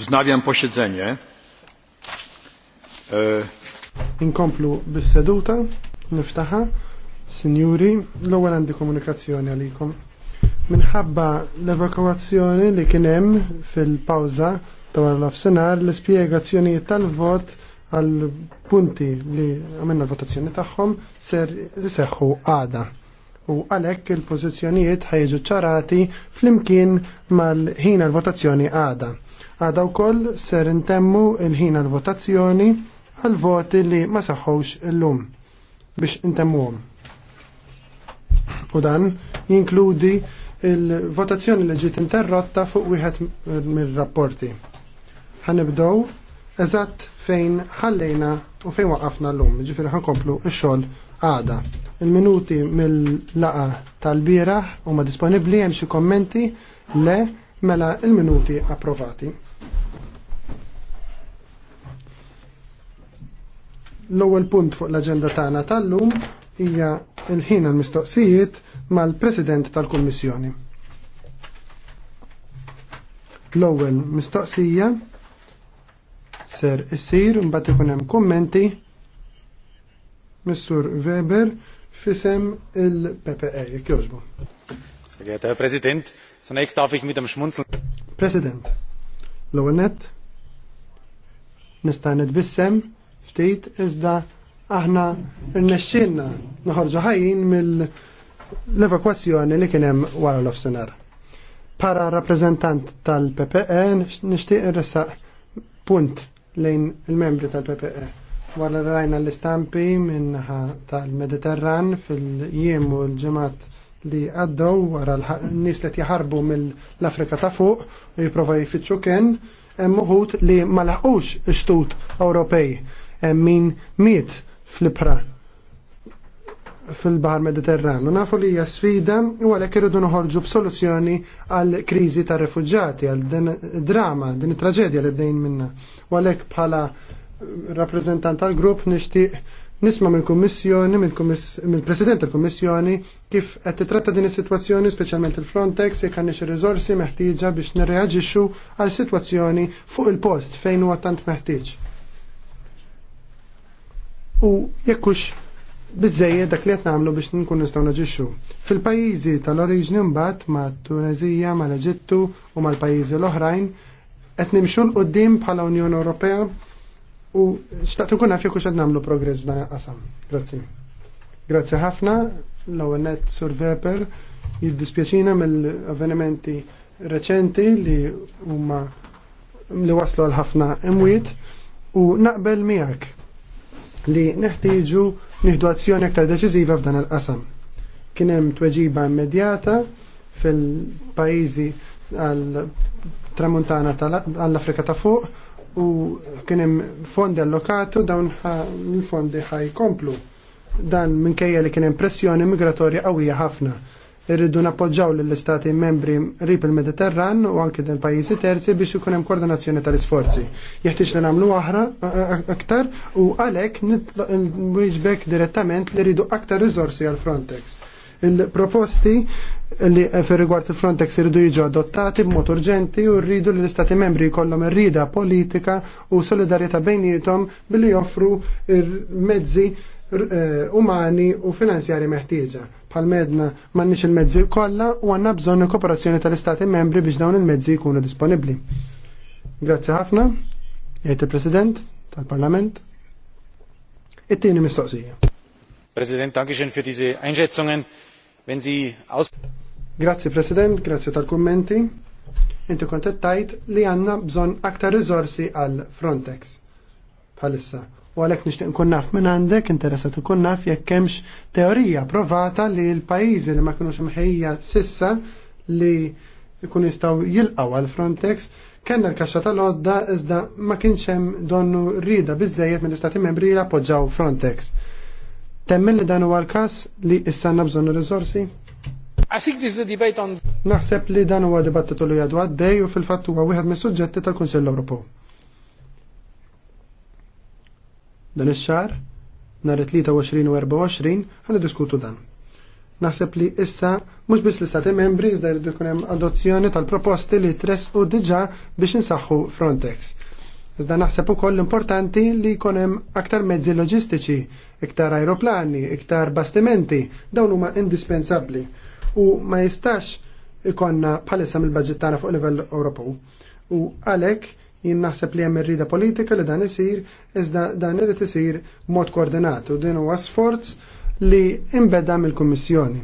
Wznawiam posiedzenie. E, Inkomplu bis-seduta, niftaha Sinjuri, l-ewwel għandi komunikazzjoni għalikom. Minħabba l-evakuazzjoni li kien hemm fil pawza ta' wara l-afsenar l-ispjegazzjonijiet tal-vot għal punti li għamilna l-votazzjoni tagħhom ser iseħħu għada u għalhekk il-pożizzjonijiet ħajġu ċarati flimkien mal ħina l votazzjoni għada. Għada koll ser intemmu il ħina l votazzjoni għal-voti li ma saħħux illum biex intemmuhom. U dan jinkludi il-votazzjoni li ġiet interrotta fuq wieħed mir-rapporti. Ħanibdew eżatt fejn ħallejna u fejn waqafna l-lum, ġifiri ħankomplu ix-xogħol għada. Il-minuti mill-laqa tal-biraħ huma disponibbli hemm xi kommenti le mela il-minuti approvati. L-ewwel punt fuq l-aġenda tagħna tal-lum hija l-ħin għal-mistoqsijiet mal-President tal-Kummissjoni. L-ewwel mistoqsija ser issir mbagħad ikun hemm kummenti Mr. Weber fisem il ppa jek joġbu. Segretar President, zunächst darf ich mit dem Schmunzeln. President, l-għonet, nistanet bissem, ftit, iżda aħna rnexxinna noħorġu ħajjin mill-evakwazzjoni li kien hemm wara l-ofsenar. Para rappreżentant tal-PPE nixtieq irressaq punt lejn il-membri tal-PPE. Wara rajna l-istampi minnaħa tal-Mediterran fil-jiem u l-ġemat li għaddew wara n nis li jaħarbu mill-Afrika ta' fuq u jipprova jfittxu kien hemm li ma laħqux istut tut Ewropej min miet fl-ibħra fil-Bahar Mediterran. U nafu li hija sfida u għalhekk irridu noħorġu b'soluzzjoni għal kriżi tar-refuġġati, għal din drama, din it-traġedja li dejn minna. U għalhekk bħala rappresentant tal-grupp nixtieq nisma mill-Kummissjoni, mill-President tal-Kummissjoni kif qed titratta din is-sitwazzjoni speċjalment il-Frontex jekk għandna xi riżorsi meħtieġa biex nirreaġixxu għal sitwazzjoni fuq il-post fejn huwa tant meħtieġ. U jekk hux biżejjed dak li qed nagħmlu biex nkun nistgħu naġixxu. Fil-pajjiżi tal-oriġni mbagħad ma' Tunezija, mal-Eġittu u mal-pajjiżi l-oħrajn qed nimxu l-qudiem bħala Unjoni Ewropea u xtaqtu kuna fi kuxed namlu progress b'dan qasam. Grazzi. Grazzi ħafna l-għonet Sur Veper jiddispjaċina mill-avvenimenti reċenti li huma li waslu għal ħafna imwiet u naqbel miegħek li neħtieġu nieħdu azzjoni aktar deċiżiva f'dan il-qasam. Kien hemm tweġiba immedjata fil-pajjiżi għal tramuntana tal-Afrika ta' fuq u kienem fondi allokatu dawn il fondi ħaj komplu dan minkejja li kienem pressjoni migratorja qawwija ħafna. Irridu nappoġġaw lill-istati membri rip il-Mediterran u anke del pajjiżi terzi biex ikun hemm koordinazzjoni tal-isforzi. Jeħtieġ li nagħmlu aħra aktar u għalhekk nitloq direttament li rridu aktar riżorsi għal Frontex Il-proposti li eh, fir rigward il-Frontex irridu jiġu adottati b'mod urġenti u rridu li l-Istati membri jkollhom irrida rida politika u solidarjetà bejnietom billi joffru mezzi eh, umani u finanzjari meħtieġa. Palmedna m'għandniex il-mezzi kollha u għandna bżonn il-kooperazzjoni tal-Istati membri biex dawn il-mezzi jkunu disponibbli. Grazzi ħafna, jgħid il-President tal-Parlament. It-tieni mistoqsija. President, anki xejn für diese Wenn Grazzi President, grazzi tal-kummenti. Inti kontet tajt li għanna bżon aktar rizorsi għal Frontex bħalissa. U għalek nishtiq nkun naf minn għandek, interesat nkun naf jekk kemx teorija provata li l-pajizi li ma kienux mħejja sissa li jkun jistaw jilqaw għal Frontex Kenna l-kaxxa tal-odda iżda ma kienx hemm donnu rida biżejjed minn istati Membri li appoġġaw Frontex Temmen li dan huwa l-każ li issa għandna bżonn riżorsi? I think this is a debate on Naħseb li dan huwa dibattitu li għadu għaddej u fil-fatt huwa wieħed mis-suġġetti tal-Kunsell Ewropew. Dan ix-xahar nhar 23 u 24 ħan diskutu dan. Naħseb li issa mhux biss l-istati membri iżda jridu jkun hemm adozzjoni tal-proposti li tresqu diġà biex insaħħu Frontex. Iżda naħseb ukoll importanti li jkun hemm aktar mezzi loġistiċi iktar aeroplani, iktar bastimenti, dawn huma indispensabbli. U ma jistax ikonna bħalissa mill-budget tagħna fuq livell Ewropew. U għalhekk jien naħseb li hemm irrida politika li dan isir iżda dan irid isir mod koordinat u din huwa sforz li imbeda mill-Kummissjoni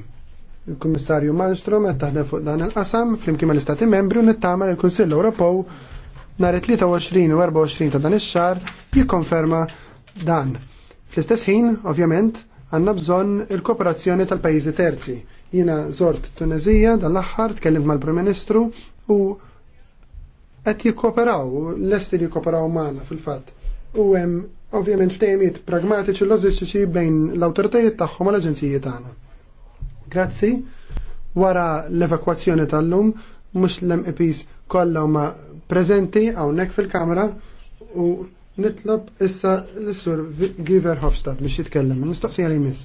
il-Kummissarju Malmström qed taħdem fuq dan il-qasam flimkien mal-Istati Membri u nittama il-Kunsill Ewropew nhar 23 u 24 ta' dan ix-xahar jikkonferma dan. Fl-istess ħin, ovvjament, għanna bżon il-kooperazzjoni tal-pajizi terzi. Jina zort Tunezija dal-axħar, tkellimt mal-Prim Ministru u qed jikkooperaw, lesti li jikkooperaw magħna fil-fatt. U hemm ovvjament ftehimiet pragmatiċi loġistiċi bejn l-awtoritajiet tagħhom u l-aġenzijiet tagħna. Grazzi. Wara l-evakwazzjoni tal-lum, mhux l-MEPs kollha ma preżenti hawnhekk fil-Kamra u Nitlob issa l-sur Giver Hofstadt biex jitkellem, mistoqsija li jmiss.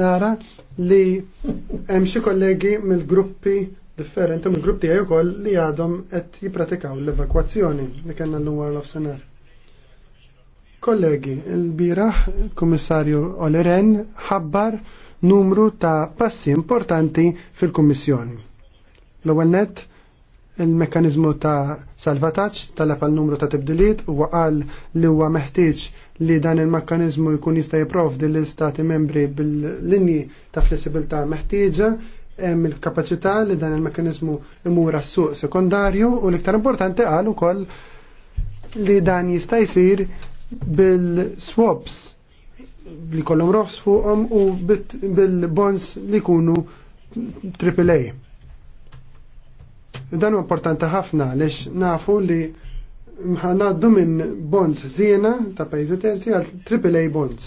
Nara li hemm xi kollegi mill-gruppi differenti mill-grupp tiegħi wkoll li għadhom qed jippratikaw l-evakwazzjoni li kellna llum wara l-ofsenar. Kollegi, il-biraħ il-Kummissarju Oleren ħabbar numru ta' passi importanti fil-Kummissjoni. L-ewwel nett il mekanizmu ta' salvataċ tal għal numru ta' tibdiliet u għal li huwa meħtieġ li dan il mekanizmu jkun jista' jipprovdi l-istati membri bil-linji ta' flessibilità meħtieġa hemm il-kapaċità li dan il imura imur suq sekondarju u l-iktar importanti qal ukoll li dan jista' jsir bil-swaps li kollhom roħs fuqhom u bil-bonds li jkunu AAA Dan huwa importanti ħafna lex nafu li ħanaddu minn bonds żiena ta' pajjiżi terzi għal AAA bonds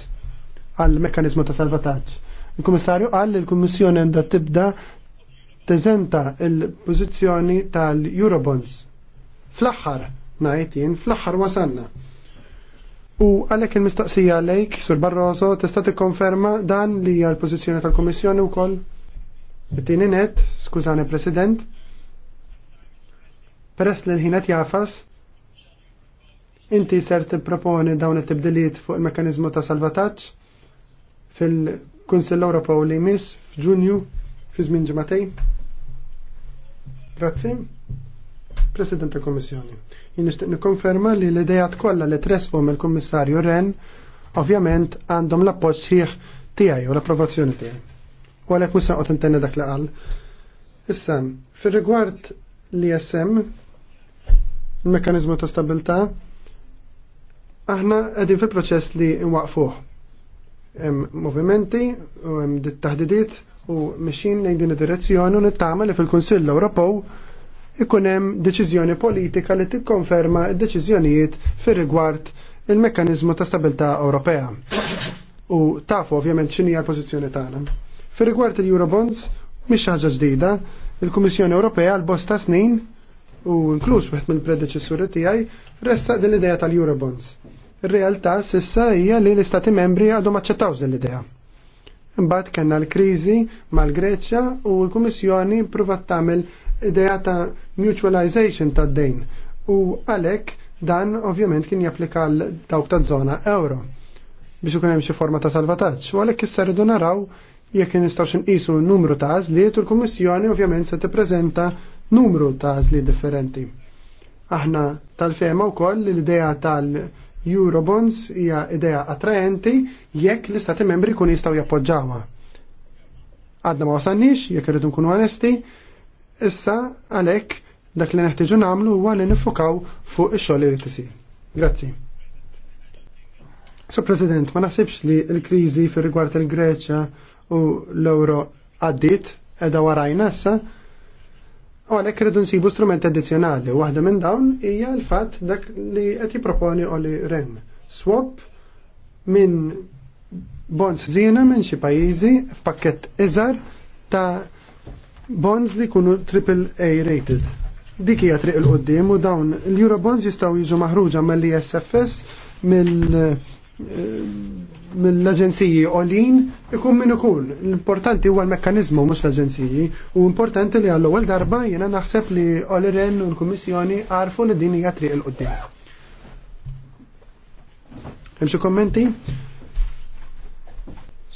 għal mekkanizmu ta' salvataġġ. Il-Kummissarju qal li l-Kummissjoni għandha tibda teżenta il-pożizzjoni tal-Eurobonds. Fl-aħħar ngħid jien fl-aħħar wasanna. U għalek il-mistaqsija għalek, Sur Barroso, tista' tikkonferma dan li hija l-pożizzjoni tal-Kummissjoni wkoll? Bittini net, skużani President, Peress li l-ħinet jafas, inti ser tipproponi dawn it-tibdiliet fuq il-mekanizmu ta' salvataġġ fil-Kunsill Ewropew li jmiss f'Ġunju fi żmien ġimatej. Grazzi. President tal Kommissjoni. Jien nixtieq nikkonferma li l-idejat kollha li tresqu mill-Kummissarju Ren ovvjament għandhom l-appoġġ sħiħ tiegħi u l-approvazzjoni tiegħi. U għalhekk mhux qed intenni dak li qal. Issa, fir-rigward li ism il-mekkanizmu ta' stabilta, aħna għedin fil-proċess li nwaqfuh. Hemm movimenti u hemm taħdidiet u mexin lejn din id-direzzjoni u nittama li fil-Kunsill Ewropew ikun hemm deċiżjoni politika li tikkonferma d-deċiżjonijiet fir-rigward il mekkaniżmu ta' stabilità Ewropea. U tafu ovvjament x'inhi l-pożizzjoni tagħna. Fir-rigward il-Eurobonds mhix ħaġa ġdida, il-Kummissjoni Ewropea l-bosta snin u inkluż wieħed mill-predeċessuri tiegħi ressaq din l-idea tal-Eurobonds. Ir-realtà s'issa hija li l-Istati membri għadhom aċċettawx din l-idea. Imbagħad kellna l-kriżi mal-Greċja u l-Kummissjoni pruvat tagħmel idea ta' mutualization ta' dejn u għalhekk dan ovvjament kien japplika l dawk ta' zona euro biex ikun hemm xi forma ta' salvataġġ. U għalhekk issa rridu naraw jekk nistgħux nqisu n-numru ta' għażliet u l-Kummissjoni ovvjament se tippreżenta numru ta' għażli differenti. Aħna tal-fema wkoll li l-idea tal- Eurobonds hija idea attraenti jekk l-istati membri kun jistgħu jappoġġawha. Għadna ma wasannix, jekk irridu nkunu onesti, issa għalhekk dak li neħtieġu nagħmlu huwa li nifukaw fuq ix-xogħol li isir. Grazzi. So President, ma naħsibx li l-kriżi fir rigward il-Greċja u l ewro għaddiet edha warajna issa, U għalhekk irridu nsibu strument addizzjonali. Waħda minn dawn hija l-fatt dak li qed jipproponi Oli Ren. Swap minn bonds ħżiena minn xi pajjiżi f'pakkett iżgħar ta' bonds li jkunu triple A rated. Dik hija triq il qoddim u dawn l-Eurobonds jistgħu jiġu maħruġa mill-ISFS mill Eh, mill-aġenziji olin ikun min ikun. L-importanti huwa l-mekkanizmu mhux l-aġenziji u importanti li għall-ewwel darba jiena naħseb li Oliren u l-Kummissjoni għarfu li din hija triq il qudiem Hemm xi kommenti?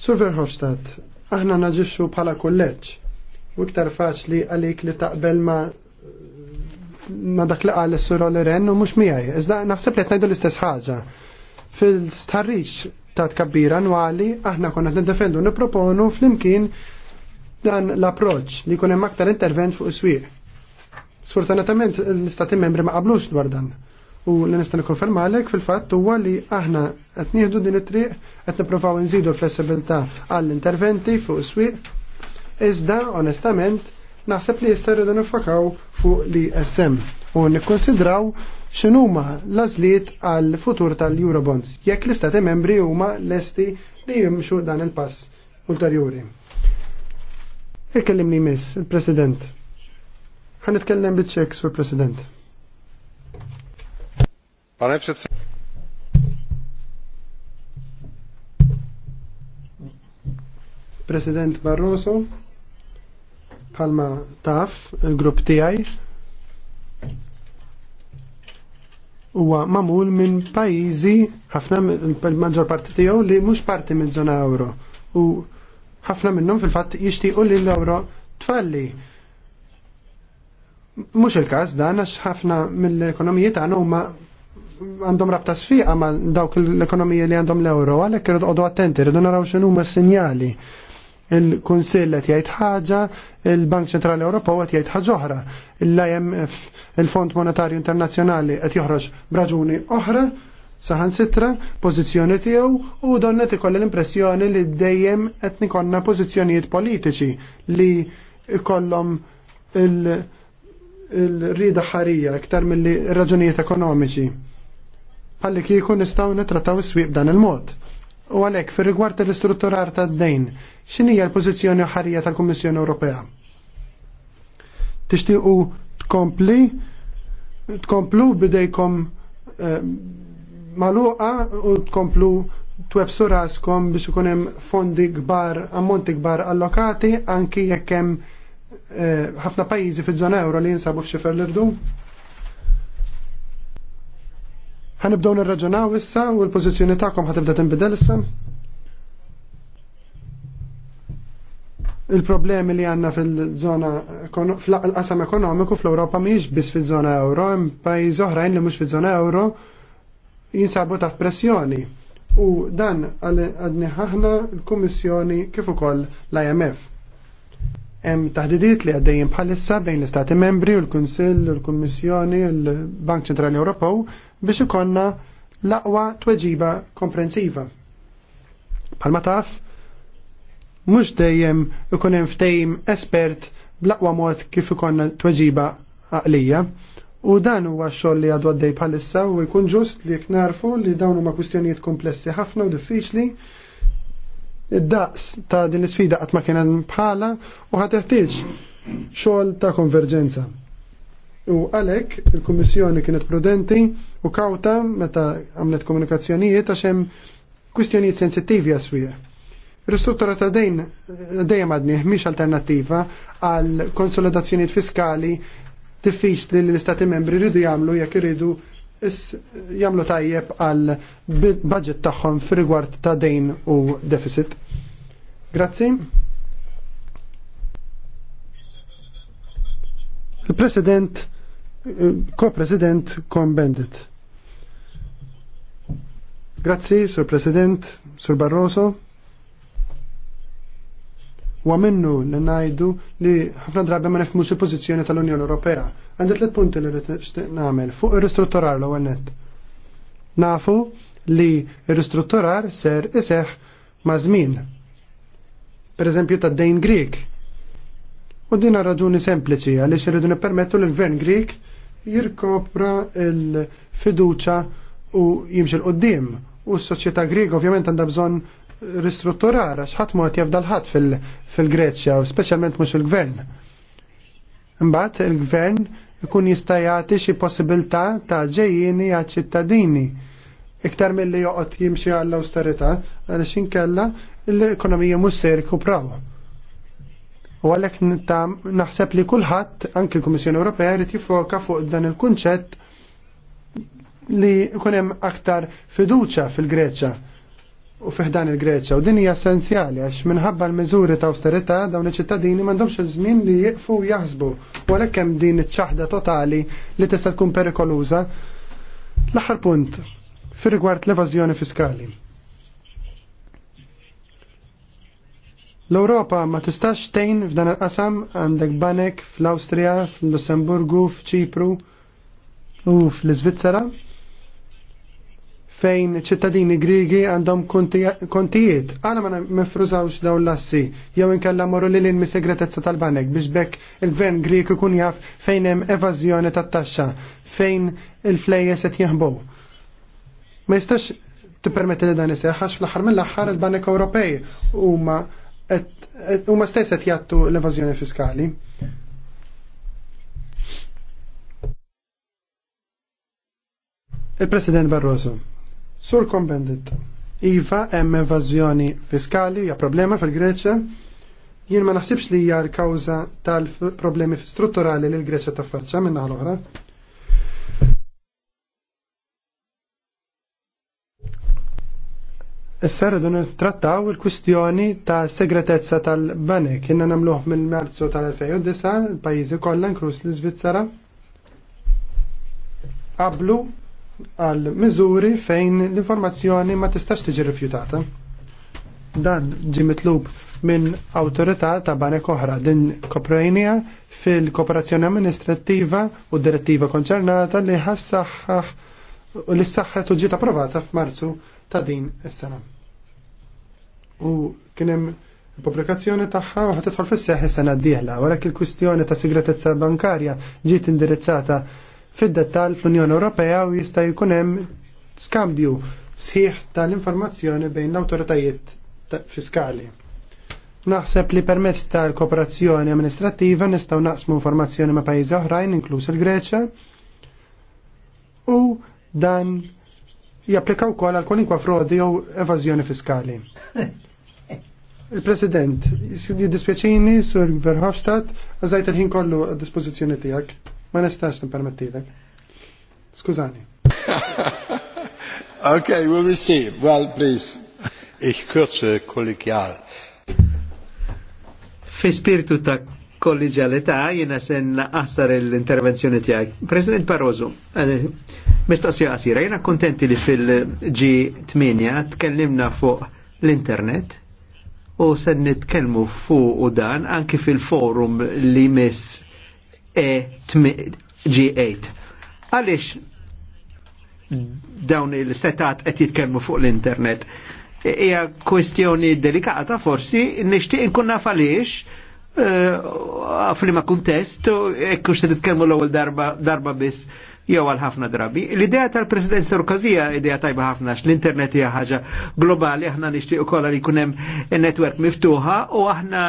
Sur Verhofstadt, aħna naġixxu bħala kulleġġ u iktar faċli għalik li taqbel ma ma dak li qal is-sur Oliren u mhux miegħi. Iżda naħseb li qed ngħidu l-istess ħaġa Fil-starriċ ta' tkabbir annwali, aħna konna qed niproponu fl-imkien dan l-approċ li kunem aktar intervent fuq is-swieq. Sfortunatament, l-istati membri ma qablux dwar dan. U li nista' għalhekk fil-fatt huwa li aħna qed nieħdu din it-triq qed nippruvaw nżidu flessibilità għall-interventi fuq is-swieq. Iżda, onestament, naħseb li jisser rridu nifokaw fuq li SM u nikkonsidraw x'inhuma l-għażliet għal futur tal-Eurobonds jekk l-istati membri huma lesti li jimxu dan il-pass ulterjuri. Ikkellimni miss, il-President. Għan nitkellem biċ sur President. Pane President Barroso, palma taf, il-grupp tiegħi, huwa mamul minn pajjiżi ħafna il-maġġor parti tiegħu li mhux parti minn żona euro u ħafna minnhom fil-fatt jixtiequ li l-euro tfalli. Mhux il-każ dan għax ħafna mill-ekonomijiet tagħna huma għandhom rabta sfiqa ma' dawk l-ekonomija li għandhom l-euro, għalhekk irrid attenti, rridu naraw x'inhuma s-sinjali il-Kunsill qed jgħid ħaġa, il-Bank Ċentrali Ewropew qed jgħid ħaġa oħra. L-IMF, il-Fond Monetarju Internazzjonali qed joħroġ braġuni oħra saħan sitra, pożizzjoni tiegħu u donnet ikolli l-impressjoni li dejjem qed nikonna pożizzjonijiet politiċi li ikollhom il-rida ħarija iktar mill-raġunijiet ekonomiċi. Palli kieku nistgħu nitrattaw is-swieq dan il-mod. U għalhekk fir-rigward l istrutturar tad-dejn, x'inhija l-pożizzjoni ħarija tal-Kummissjoni Ewropea? Tixtiequ tkompli tkomplu bidejkom eh, maluqa u tkomplu twebsu raskom biex ikun hemm fondi kbar, ammonti kbar allokati anki jekk hemm eh, ħafna pajjiżi fiż-żona euro li jinsabu f'xifer l-irdu? Ħanibdew nirraġunaw issa u l-pożizzjoni tagħkom ħatibda tinbidel issa. Il-problemi li għanna fil-żona fl-qasam ekonomiku fl-Ewropa mhijiex biss fil-zona euro, hemm pajjiżi oħrajn li mhux fil żona euro jinsabu taħt pressjoni. U dan għadni ħaħna l-Kummissjoni kif ukoll l-IMF. Hemm taħdidiet li għaddejjin bħalissa bejn l-Istati Membri u l-Kunsill u l-Kummissjoni l-Bank Ċentrali Ewropew biex ikonna l-aqwa tweġiba komprensiva. Palma taf, mux dejjem ikun hemm ftejm espert bl-aqwa mod kif ikonna tweġiba għalija. U dan huwa x-xogħol li għadu għaddej bħalissa u jkun ġust li jekk narfu li dawn huma kwistjonijiet komplessi ħafna u diffiċli id-daqs ta' din l-sfida qatt ma kien hemm bħala u ħateħtieġ xogħol ta' konverġenza. U għalhekk il-Kummissjoni kienet prudenti u kawta meta għamlet komunikazzjonijiet għax hemm kwistjonijiet sensittivi għaswieħ. Ristruttura ta' dejn dejjem għadni mhix alternattiva għal konsolidazzjonijiet fiskali diffiċli li l-istati membri rridu jagħmlu jekk iridu jagħmlu tajjeb għal budget tagħhom fir-rigward ta' dejn u deficit. Grazzi. Il-President, ko-President eh, Combendit. Grazzi, Sur President, Sur Barroso. Wa minnu li najdu li ħafna drabi ma nefmu il-pożizzjoni tal-Unjoni Ewropea. Għandi tliet punti li nixtieq nagħmel fuq ir-ristrutturar l net. Nafu li r-ristrutturar ser iseħ ma' żmien. Pereżempju tad-dejn Greek. U din raġuni sempliċi għaliex irridu nippermettu l-Invern Grieg jirkopra il-fiduċa u jimxil qoddim u s-soċjetà grega ovvjament għandha bżonn ristrutturara x'ħadd mod jefdal ħadd fil-Greċja, speċjalment mhux il-gvern. Imbagħad il-gvern ikun jista' jagħti xi possibilità ta' ġejjini għaċ-ċittadini iktar mill-li joqgħod jimxi għall għal għaliex inkella l-ekonomija mhux se jirkupraw. U għalek naħseb li kullħat, anki l-Komissjoni Ewropea, rrit jifoka fuq dan il-kunċett li kunem aktar fiduċa fil-Greċa u fiħdan il-Greċa u din hija essenzjali għax minħabba l mizuri ta' austerità dawn iċ-ċittadini m'għandhomx il-żmien li jiqfu u jaħsbu għalhekk hemm din iċ-ċaħda totali li tista' tkun perikoluża. L-aħħar punt fir-rigward l-evażjoni fiskali. L-Europa ma tistax tejn f'dan il-qasam għandek banek fl austria fl-Lussemburgu, f'Ċipru u fl-Iżvizzera fejn ċittadini Grigi għandhom kontijiet. Għana ma mifrużawx daw l-assi, jew inkella morru li l-inmi segretezza tal-banek biex bekk il-gvern grigi ikun jaf fejn hemm evażjoni tat-taxxa, fejn il-flejjes qed jaħbow. Ma jistax tippermetti li dan iseħħ għax fl-aħħar mill-aħħar il-Banek Ewropej huma huma stess qed jattu l-evażjoni fiskali. Il-President Barroso, Sur kompendit. Iva hemm evażjoni fiskali hija problema fil-Greċja. Jien ma naħsibx li hija l-kawża tal-problemi strutturali li l-Greċja taffaċċa minn naħa l-oħra. Issa rridu nittrattaw il-kwistjoni ta' segretezza tal-banek. Kienna nagħmluh minn marzu tal-2009, il pajjiżi kollha inkluż l-Iżvizzera qablu għal miżuri fejn l-informazzjoni ma tistax tiġi rifjutata. Dan ġi mitlub minn autorità ta' banek oħra din koprejnija fil-kooperazzjoni amministrattiva u direttiva konċernata li ħassaħħaħ u li s-saxħet u ġiet approvata f'Marzu ta' din is-sena. U hemm il pubblikazzjoni tagħha ħatidħol fis-seħħ is-sena d-dieħla, wara il-kwistjoni ta' sigretezza bankarja ġiet indirizzata fid-dettal fl-Unjoni Ewropea u jista' jkun hemm skambju sħiħ tal-informazzjoni bejn l-awtoritajiet fiskali. Naħseb li permezz tal-kooperazzjoni amministrattiva nistgħu naqsmu informazzjoni ma' pajjiżi oħrajn, inkluż il-Greċja, u dan japplika kol għal kwalinkwa frodi jew evażjoni fiskali. Il-President, jiddispjaċini sur Verhofstadt, għazajt il-ħin kollu għad dispożizzjoni tiegħek. Ma nistax nippermettilek. Skużani. ok, we'll receive. Well, please. Ich kürze kollegial. Fi spiritu ta' kollegialità jena sen assar l-intervenzjoni tijaj. President Barroso, eh, mistaqsija qasira, jena kontenti li fil-G8 tkellimna fuq l-internet u sen nitkellmu fuq u dan anki fil-forum li miss G8. Għalix dawn il-setat qed jitkellmu fuq l-internet. Hija kwestjoni delikata forsi, nixtieq inkun naf għaliex eh, f'lima kuntest, eh, ekku se titkellmu l-ewwel darba darba biss jew għal ħafna drabi. L-idea tal president Sarkozija idea tajba ħafna l-internet hija ħaġa globali, aħna nixtieq ukoll li jkun hemm netwerk miftuħa u aħna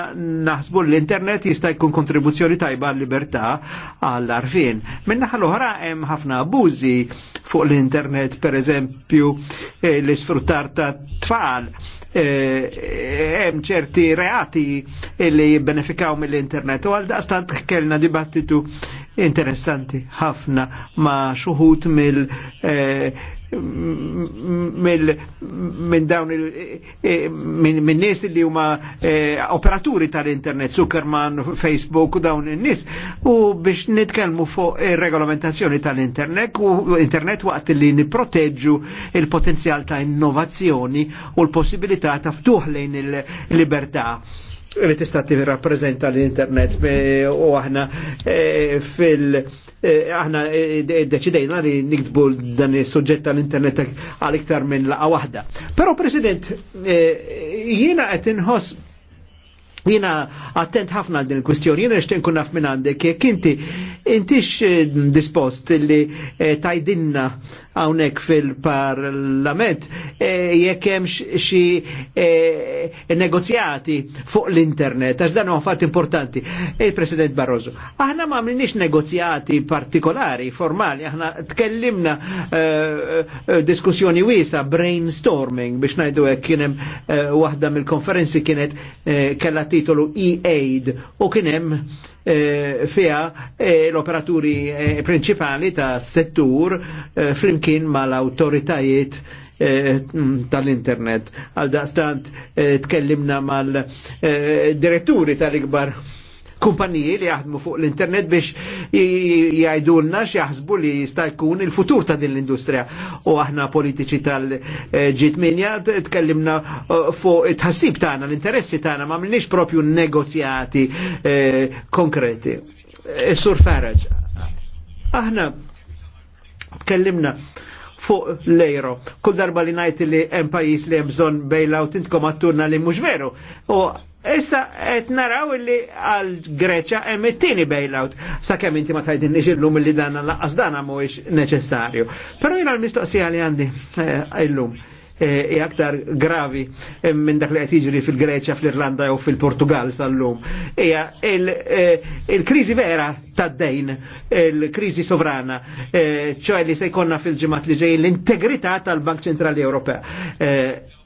naħsbu l-internet jista' jkun kontribuzzjoni tajba għall-libertà għall-arfin. naħa l-oħra hemm ħafna abbużi fuq l-internet, pereżempju eh, l-isfruttar ta' tfal eh, hemm ċerti reati li jibbenefikaw mill-internet u għal daqstant kellna dibattitu interessanti ħafna ma' xuħut mill eh, mill minn dawn eh, minn min nies li huma eh, operaturi tal-internet, Zuckerman, Facebook, u dawn in-nies. U biex nitkellmu fuq ir-regolamentazzjoni tal-internet u internet waqt li nipproteġġu il-potenzjal ta' innovazzjoni u l-possibilità ta' ftuħ lejn il-libertà li tista' tivi rappreżenta l-internet u aħna e, fil- e, aħna e, deċidejna li nikdbu dan is-suġġett tal-internet għal iktar minn laqa waħda. Però President, jiena qed inħoss Jina attent ħafna din il-kwistjoni, jina nishtiq kun naf minn għandek, jekk inti intix dispost li tajdinna hawnhekk fil-parlament e, jekk hemm xi e, negozjati fuq l-internet għax dan huwa fatt importanti. Il-President Barroso, aħna ma għamlinix negozjati partikolari, formali, aħna tkellimna e, diskussjoni wiesa, brainstorming biex ngħidu hekk kien hemm waħda mill-konferenzi kienet kellha titolu e-aid u kien hemm Eh, fija eh, l-operaturi eh, principali ta' settur flimkien flimkien mal-autoritajiet mm, tal-internet. Għal daqstant tkellimna mal-diretturi tal-ikbar kumpaniji li jaħdmu fuq l-internet biex jgħidulna x'jaħsbu li jista' jkun il-futur ta' din l-industrija. U aħna politiċi tal-ġitminja tkellimna uh, fuq it-ħassib tagħna, l-interessi tagħna ma mniex propju negozjati eh, konkreti. Eh, Sur Farage, aħna tkellimna fuq l ero Kull darba li ngħid li hemm pajjiż li hemm bżonn bailout intkom għattuna li mhux veru. U Issa qed naraw illi għal Greċja hemm it-tieni bailout sakemm inti ma tgħidin nixillum li dan laqqas dan mhuwiex neċessarju. Però jiena l-mistoqsija li għandi eh, illum eh, i aktar gravi eh, minn dak li qed jiġri fil-Greċja, fl-Irlanda jew fil-Portugal sal-lum. Hija il-kriżi vera tad-dejn, il-kriżi sovrana, ċoħe li se jkollna fil-ġimgħat li ġej l-integrità tal-Bank Ċentrali Ewropea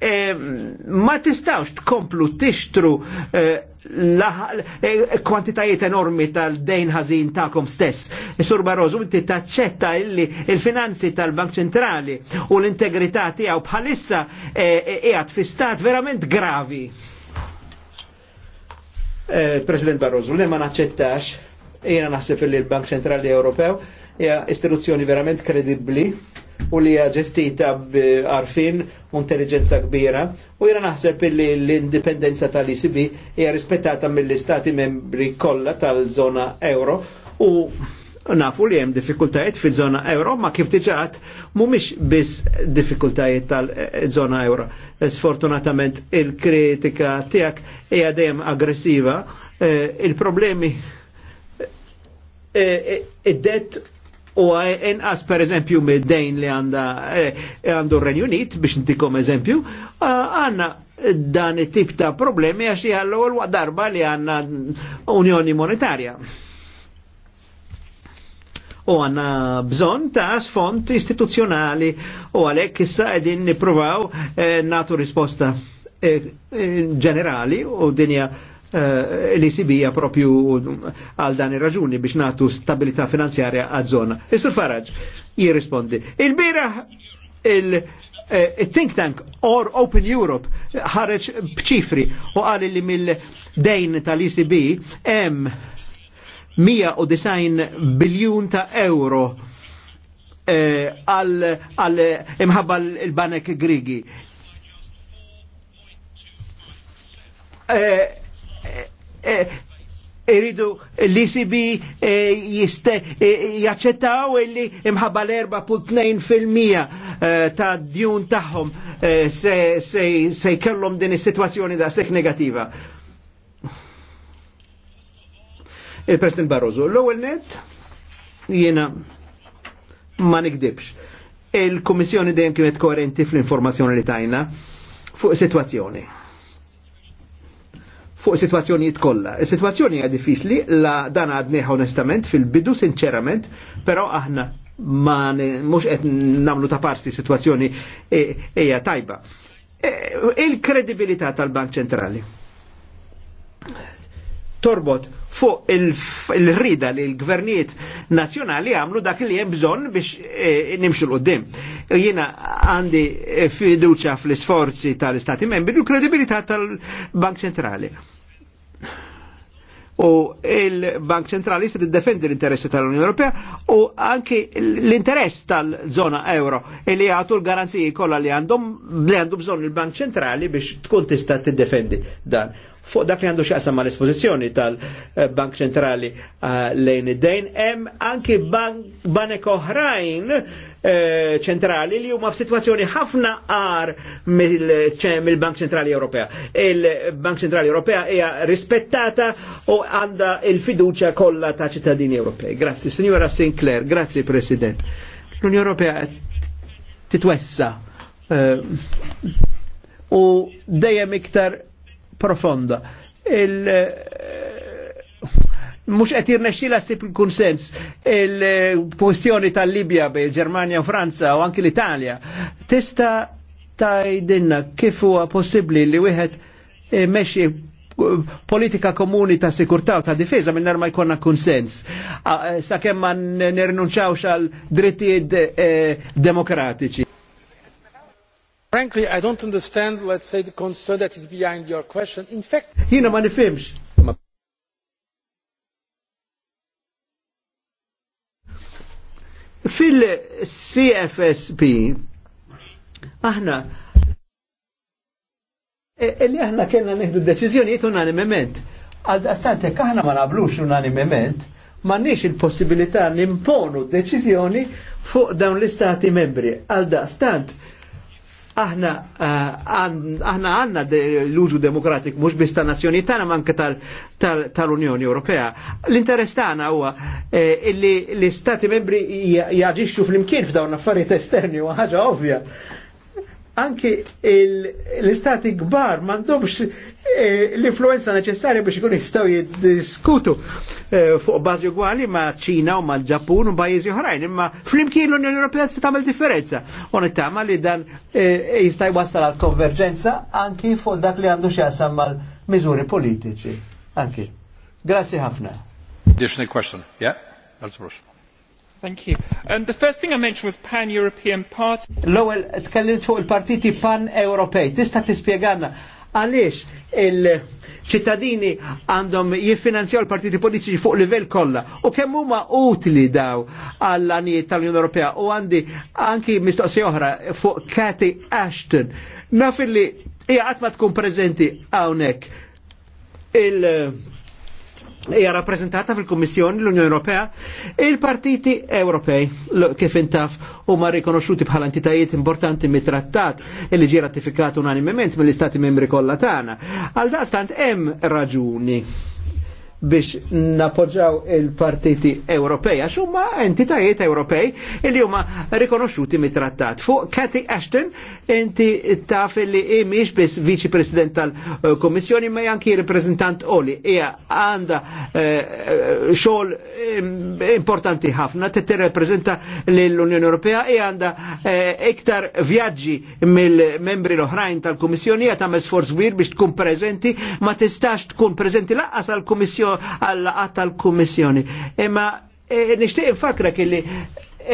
ma tistawx tkomplu tixtru e, kwantitajiet enormi tal-dejn ħażin ta'kom stess. Sur Barroso, inti taċċetta illi il-finanzi tal-Bank Ċentrali u l-integrità tiegħu bħalissa eh, qiegħed fi stat verament gravi. President Barroso, li ma naċċettax, jiena naħseb illi l-Bank Ċentrali Ewropew hija istituzzjoni verament kredibbli u li ġestita b'arfin u intelligenza kbira u jira naħseb li l-indipendenza tal-ICB hija rispettata mill-istati membri kollha tal-zona euro u nafu li hemm diffikultajiet fil-żona euro, ma kif tiġat mhumiex biss diffikultajiet tal-żona euro. Sfortunatament il-kritika tiegħek hija dejjem aggressiva, eh, il-problemi eh, eh, id-det u inqas per eżempju mid-dejn li għanda eh, għandu r Unit biex ntikom eżempju, eh, għanna dan it-tip ta' problemi għax jgħallu darba li għanna unjoni monetarja u għanna bżon ta' sfond istituzjonali u għalek issa għedin niprovaw eh, natu risposta eh, ġenerali eh, u dinja Eh, l-ECB hija propju għal dan ir-raġuni biex natu stabilità finanzjarja għaż-żona. Isur Farage jirrispondi. Il-bieraħ il eh, think tank or Open Europe ħareġ bċifri u qal li mill-dejn tal-ECB hemm 190 biljun ta' euro eh, għal imħabba l-banek grigi. E, iridu eh, eh, l eh, jiste jaċċettaw illi imħabba l-4.2% ta' djun tagħhom se jkellhom din is-sitwazzjoni da' sekk negativa. Il-President Barroso, l-ewwel net jiena ma nikdibx. Il-Kummissjoni dejjem kienet koerenti fl-informazzjoni li tajna fuq is-sitwazzjoni fuq situazzjonijiet kollha. Is-sitwazzjoni hija diffiċli, la dan għadnieh onestament fil-bidu sinċerament, però aħna ma mhux qed nagħmlu ta' parsi situazzjoni hija e, tajba. E, il-kredibilità tal-Bank Ċentrali torbot fuq il-rida li l-gvernijiet nazjonali għamlu dak li hemm bżonn biex eh, nimxu l-qoddim. Jiena għandi eh, fiduċa fl-isforzi tal-Istati membri u kredibilità tal-Bank Centrali. U il-Bank Centrali se tiddefendi l-interessi tal-Unjoni Ewropea u anki l-interess tal-zona euro e li għatu l-garanziji kollha li għandhom bżon għandu bżonn il-Bank Centrali biex tkun tista' tiddefendi dan fuq dak li għandu xaqsam ma l-esposizjoni tal-Bank Ċentrali eh, lejn id-dejn, hemm anki banek oħrajn eh, ċentrali li huma f'sitwazzjoni ħafna għar mill-Bank Ċentrali Ewropea. Il-Bank Ċentrali Ewropea hija rispettata u għandha il-fiduċja kollha ta' ċittadini Ewropej. Grazzi, Signora Sinclair, grazzi President. L-Unjoni Ewropea titwessa eh, u dejjem iktar profonda. Il, eh, mux qed jirnexxila sib il-kunsens il-kwestjoni tal-Libja bej Ġermanja u Franza u anki l-Italja. Tista tajdinna kif huwa possibbli li wieħed meċi politika komuni ta' sikurta u ta' difesa minn ma jkollna konsens. Eh, kemm ma nirrinunċawx għal drittijiet eh, demokratiċi. Frankly, I don't understand, let's say, the concern that is behind your question. In fact... Jina ma nifimx. Fil-CFSP, aħna, illi e, e, aħna kena neħdu deċizjonijiet unanimement. Għal-dastante, aħna ma nablux unanimement, ma nix il-possibilità nimponu deċizjoni fuq dawn l-istati membri. Għal-dastant, aħna eh, aħna għanna l-użu demokratik mhux biss ta' nazzjoni tagħna manke tal-Unjoni Ewropea. L-interess tagħna huwa eh, illi l-istati membri jaġixxu fl-imkien f'dawn affarijiet esterni u ħaġa ovvja anki l-istati gbar mandomx eh, l-influenza neċessarja biex ikun jistaw jiddiskutu eh, fuq bażi ugwali ma' ċina u mal ġapun u pajjiżi oħrajn, imma flimkien l-Unjoni Ewropea se tagħmel differenza. U nittama li dan eh, jista' jwassal għal konverġenza anki fuq dak li għandu x'jasam mal-miżuri politiċi. Anki. Grazie ħafna. Additional question. Yeah, that's L-ewwel tkellimt fuq il-partiti pan-Ewropej. Tista' tispjegana għaliex il-ċittadini għandhom jiffinanzjaw il partiti politiċi fuq livell kollha u kemm huma utli daw għall għanijiet tal-Unjoni Ewropea u għandi anki mistoqsija oħra fuq Cathy Ashton. Naf illi hija qatt ma tkun preżenti hawnhekk il- hija rappreżentata fil-Kummissjoni l-Unjoni Ewropea, il-partiti Ewropej kif intaf huma rikonoxxuti bħala entitajiet importanti mit-trattat li ġie ratifikat unanimement mill-Istati membri kollha tagħna. Għal daqstant hemm raġuni biex napoġġaw il-partiti Ewropej, għax huma entitajiet Ewropej li huma rikonoxxuti mit-trattat. Fuq Cathy Ashton, inti taf li hi mhix biss viċi president tal-Kommissjoni ma anki reprezentant Oli. Hija għandha eh, eh, xogħol importanti ħafna tirrepreżenta lill-Unjoni Ewropea hija għandha eh, iktar vjaġġi mill-membri l-oħrajn tal-Kummissjoni hija tagħmel sforz kbir biex tkun preżenti, ma tistax tkun preżenti laqqas għall-Kummissjoni għall għatta l-Kommissjoni. Imma e, eh, nishtiq fakra kelli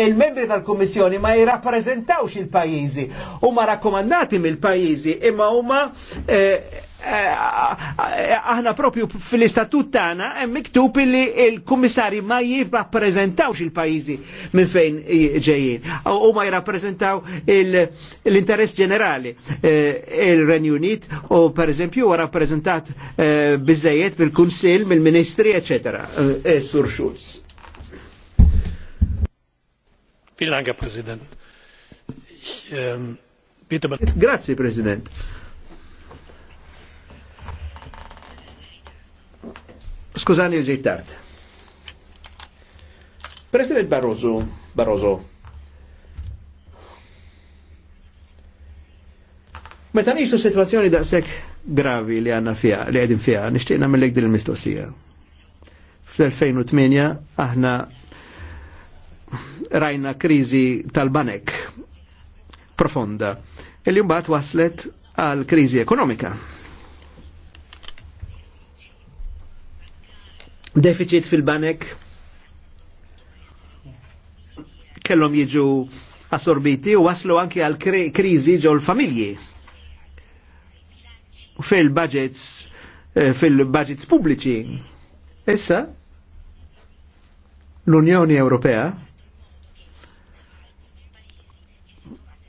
il-membri tal kommissjoni ma jirrappreżentawx il-pajjiżi, huma rakkomandati mill-pajjiżi imma huma eh, eh, aħna propju fil-istatut tagħna hemm miktub li l-kummissarji ma jirrappreżentawx il-pajjiżi minn fejn ġejjin. U ma jirrappreżentaw l-interess ġenerali. Eh, Il-Renju Unit u eżempju huwa rappreżentat biżejjed bil-Kunsill, mill-Ministri, eċetera. Sur Schulz. Ähm, Grazie, presidente Skużani il tard. presidente Barroso, Barroso. Meta nisu situazzjoni da sek gravi li għanna fija, li għedin fija, nishtiqna mill-legdil il-mistoqsija. Fl-2008 aħna rajna krizi tal-banek profonda, illi mbagħad waslet għal krizi ekonomika. Deficit fil-banek kellhom jiġu assorbiti u waslu anki għal krizi ġew l-familji. Fil-budgets eh, fil-budgets pubbliċi. Issa l-Unjoni Ewropea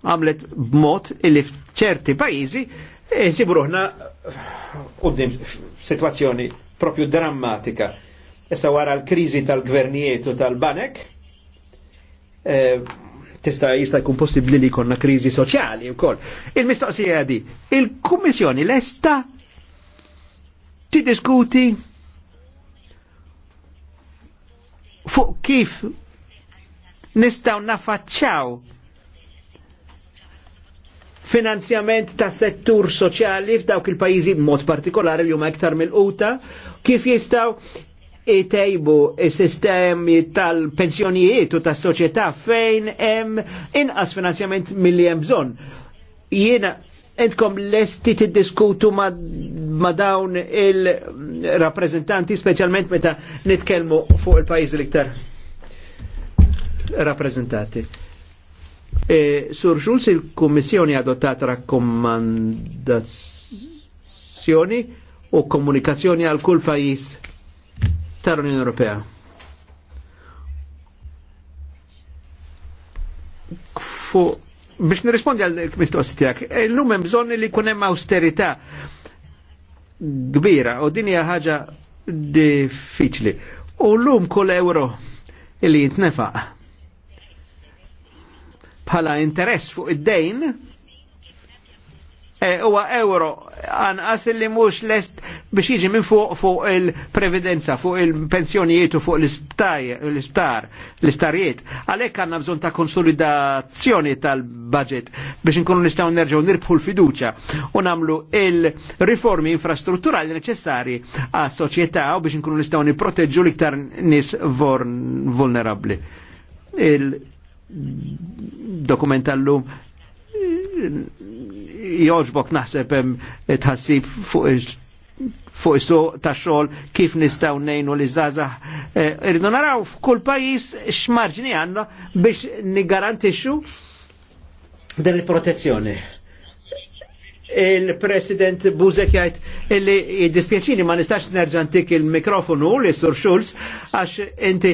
għamlet b'mod illi f'ċerti pajizi eh, insibu ruħna qudiem situazzjoni propju drammatika. Issa wara l krizi tal-gvernijiet u tal-banek, e, tista' jista' jkun possibli li konna krizi soċjali u koll. Il-mistoqsija di, il kommissjoni l-esta ti diskuti fuq kif nistaw nafacċaw finanzjament ta' settur soċjali f'dawk il-pajjiżi b'mod partikolari li huma iktar mill-quta, kif jistgħu itejbu sistemi tal-pensjonijiet u tas-soċjetà fejn hemm inqas finanzjament milli hemm bżonn. Jiena entkom lesti tiddiskutu ma, ma dawn il-rappresentanti, speċjalment meta nitkellmu fuq il pajjiżi l-iktar rappresentati. E, sur Schulz il-Kommissjoni adottat rakkomandazzjoni u komunikazzjoni għal kull pajis tal-Unjoni Ewropea. biex nirrispondi għal mistoqsi tiegħek, illum e, hemm bżonn li jkun hemm austerità kbira u din hija ħaġa diffiċli. U llum kull euro li jintnefaq bħala interess fuq id-dejn eh, huwa e, euro anqas li mhux lest biex jiġi minn fuq fuq il-previdenza, fuq il-pensjonijiet u fuq l-isptar, l-isptarijiet. Għalhekk għandna bżonn ta' konsolidazzjoni tal-budget biex inkunu nistgħu nerġgħu nirbħu l-fiduċja u nagħmlu il-riformi infrastrutturali neċessarji għas soċjetà u biex inkunu nistgħu nipproteġġu l-iktar nies vulnerabbli. Il- Dokumenta tal-lum joġbok naħseb tħassib fuq fuq su ta' xol kif nistaw nejnu li zazah. Eh, irridu naraw f'kull pajis x'marġni għandna biex nigarantixxu din il-protezzjoni il-President Buzek jajt illi jiddispjaċini ma nistax nerġantik il-mikrofonu li sur Schulz għax inti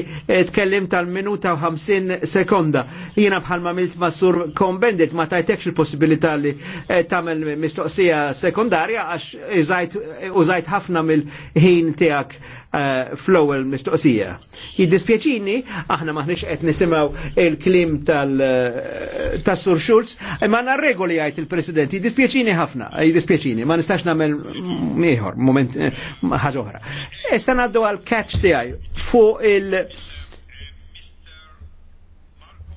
tkellim tal-minuta u 50 sekonda. Jina ma milt ma sur kombendit ma tajtekx il-possibilità li eh, tamel mistoqsija sekundarja għax użajt ħafna mill-ħin tijak Eh, fl-ewwel mistoqsija. Jiddispjaċini aħna maħniex qed nisimgħu il-klim eh, tas-Sur Schulz, imma għandna regoli jgħid il-President, jiddispjaċini ħafna, eh, jiddispjaċini, ma nistax nagħmel ieħor moment ħaġa oħra. Issa ngħaddu għal catch tiegħi fuq il-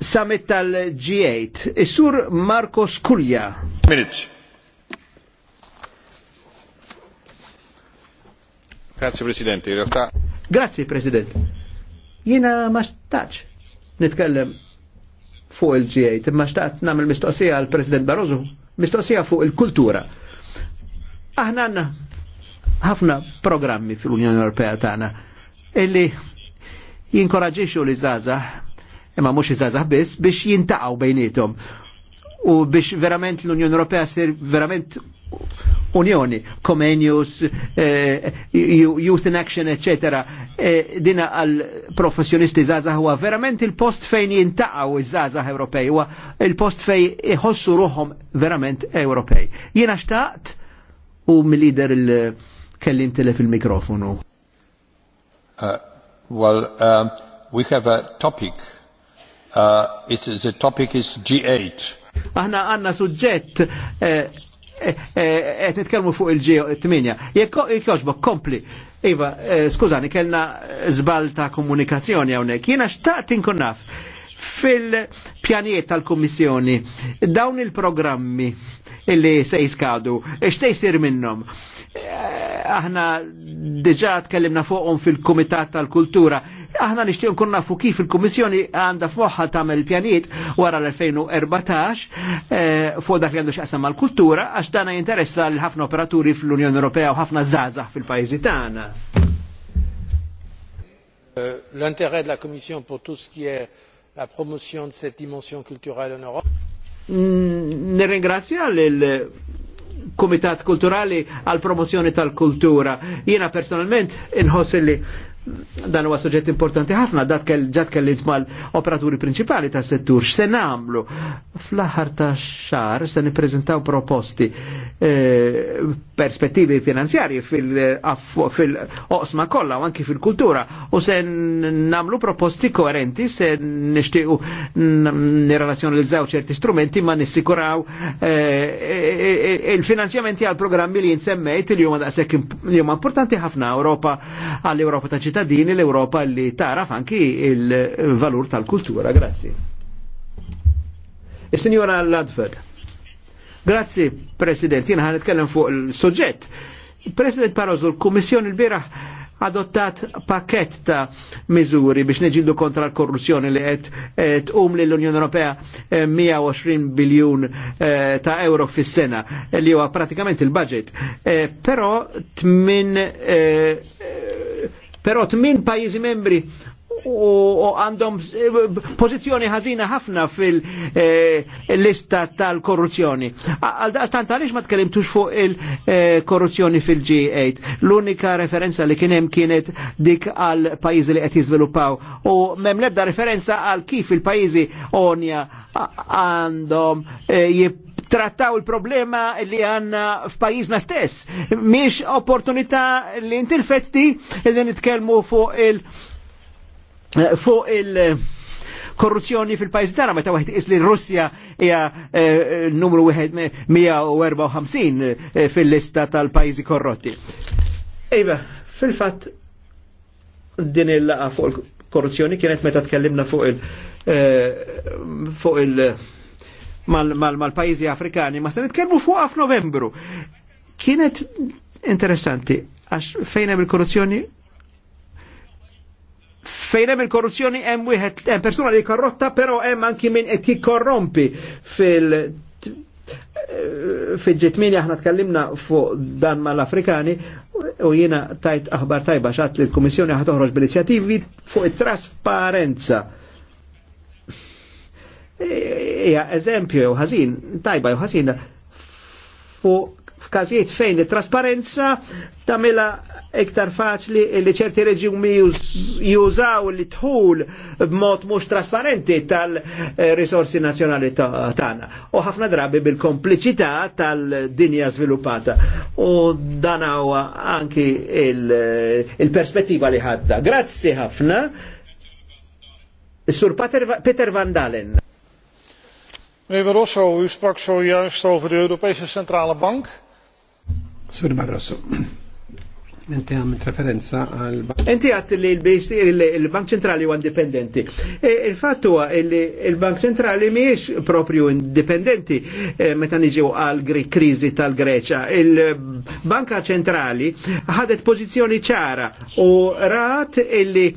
Summit tal-G8, is-sur Marcos Kulja. Minutes. Grazie Presidente, in realtà. Grazie Presidente. Jina ma staċ nitkellem fuq il-G8, ma staċ namel mistoqsija għal President Barroso, mistoqsija fuq il-kultura. Aħna għanna ħafna programmi fil-Unjoni Ewropea tagħna illi jinkoraġixxu li żgħażagħ imma mhux iżgħażagħ biss biex jintaqgħu bejnietom u biex verament l-Unjoni Ewropea sir verament Unjoni, Comenius, eh, Youth in Action, etc. Eh, dina għal professjonisti Zaza huwa verament il-post fejn jintaqaw iż zaza Ewropej, huwa il-post fejn iħossu ruħom verament Ewropej. Jena xtaqt u mill-lider il-kellim telef il-mikrofonu. Uh, well, uh, we have a topic. Uh, it is, the topic is G8. Aħna għanna suġġett eh, qed eh, eh, nitkellmu fuq il-8. Jekk joġbok kompli. Iva, eh, skużani, kellna zbalta ta' komunikazzjoni hawnhekk. Jena xtaqt inkun naf fil-pjaniet tal kommissjoni dawn il-programmi illi se jiskadu, ix se jisir minnom. Eh, aħna diġa tkellimna fuqhom fil-Kumitat tal-Kultura, aħna nixtieq nkun nafu kif il-Kummissjoni għandha f'moħħa tagħmel pjanijiet wara l-2014 eh, fuq dak li għandu x'qasam mal-kultura għax dana jinteressa l ħafna operaturi fl-Unjoni Ewropea u ħafna żgħażagħ fil-pajjiżi tagħna. Eh, l'intérêt de la Commission pour tout ce qui est la promotion de cette dimension culturelle en Europe. Mm, nirringrazzja il Komitat Kulturali għal promozione tal cultura. Jiena personalment in li dan huwa suġġett importanti ħafna, dat kell ġat kellimt mal-operaturi prinċipali tas settur x'se nagħmlu. Fl-aħħar ta' xar se nippreżentaw proposti eh, perspettivi finanzjarji fil-oqsma kollha u anki fil-kultura u se nagħmlu proposti koerenti se nixtiequ nirrelazzjonalizzaw ċerti strumenti ma nissikuraw eh, il-finanzjamenti għal programmi li jinsemmejt li huma daqshekk li huma importanti ħafna Ewropa għall-Europa ta' ċittadini l-Europa li taraf anki il-valur tal-kultura. Grazzi. il signora Ladford. Grazzi, President. Jena ħan fuq il-soġġett. President Barroso, l kommissjoni l bira adottat pakket ta' mizuri biex neġildu kontra l-korruzzjoni li għed um li l unjoni Ewropea 120 eh, biljun eh, ta' euro fis-sena eh, li huwa pratikament il-budget. Eh, però tmin Però tmin pajjiżi membri u għandhom eh, pozizjoni ħażina ħafna fil-lista eh, tal-korruzzjoni. Għal-daqstant għaliex ma tkellimtux fuq il-korruzzjoni eh, fil-G8. L-unika referenza li kien hemm kienet dik għal pajjiżi li qed jiżviluppaw u mem lebda referenza għal kif il-pajjiżi onja għandhom trattaw il-problema li għanna f'pajizna stess. Miex opportunità li intilfetti li nitkelmu fuq il- fuq il- korruzzjoni fil pajz tara meta waħed isli li Russja hija eh, eh, numru 154 eh, fil-lista tal pajzi korrotti. Iva, fil-fatt din il-laqa fuq il-korruzzjoni kienet meta tkellimna fuq il- fuq il- mal pajzi Afrikani, ma se nitkellmu fuq f'Novembru. Kienet interessanti għax fejna bil korruzzjoni fejn hemm il-korruzzjoni hemm wieħed hemm persuna li korrotta però hemm anki min qed jikkorrompi fil fil-ġitmini aħna tkallimna fuq dan mal-Afrikani u jina tajt aħbar tajba xat li l-Komissjoni ħat bil b'inizjattivi fuq it-trasparenza. Ija eżempju ħażin, tajba jew ħażin fuq f'każijiet fejn it-trasparenza tamela iktar faċli li ċerti reġjumi jużaw li tħul b'mod mhux trasparenti tal-risorsi nazjonali tagħna. U ħafna drabi bil-kompliċità tal-dinja sviluppata. U dan huwa anki il-perspettiva il li ħadda. Grazzi ħafna. Sur Peter Van Dalen. Meneer Barroso, u sprak zojuist over de Europese Centrale Bank. Sur Barroso. Inti għam referenza għal Inti għat li l-Bank Centrali huwa indipendenti. E, il-fatt huwa li l-Bank Ċentrali mhijiex propju indipendenti e, meta niġew għal krizi tal-Greċa. Il-Banka Centrali ħadet pozizjoni ċara u rat illi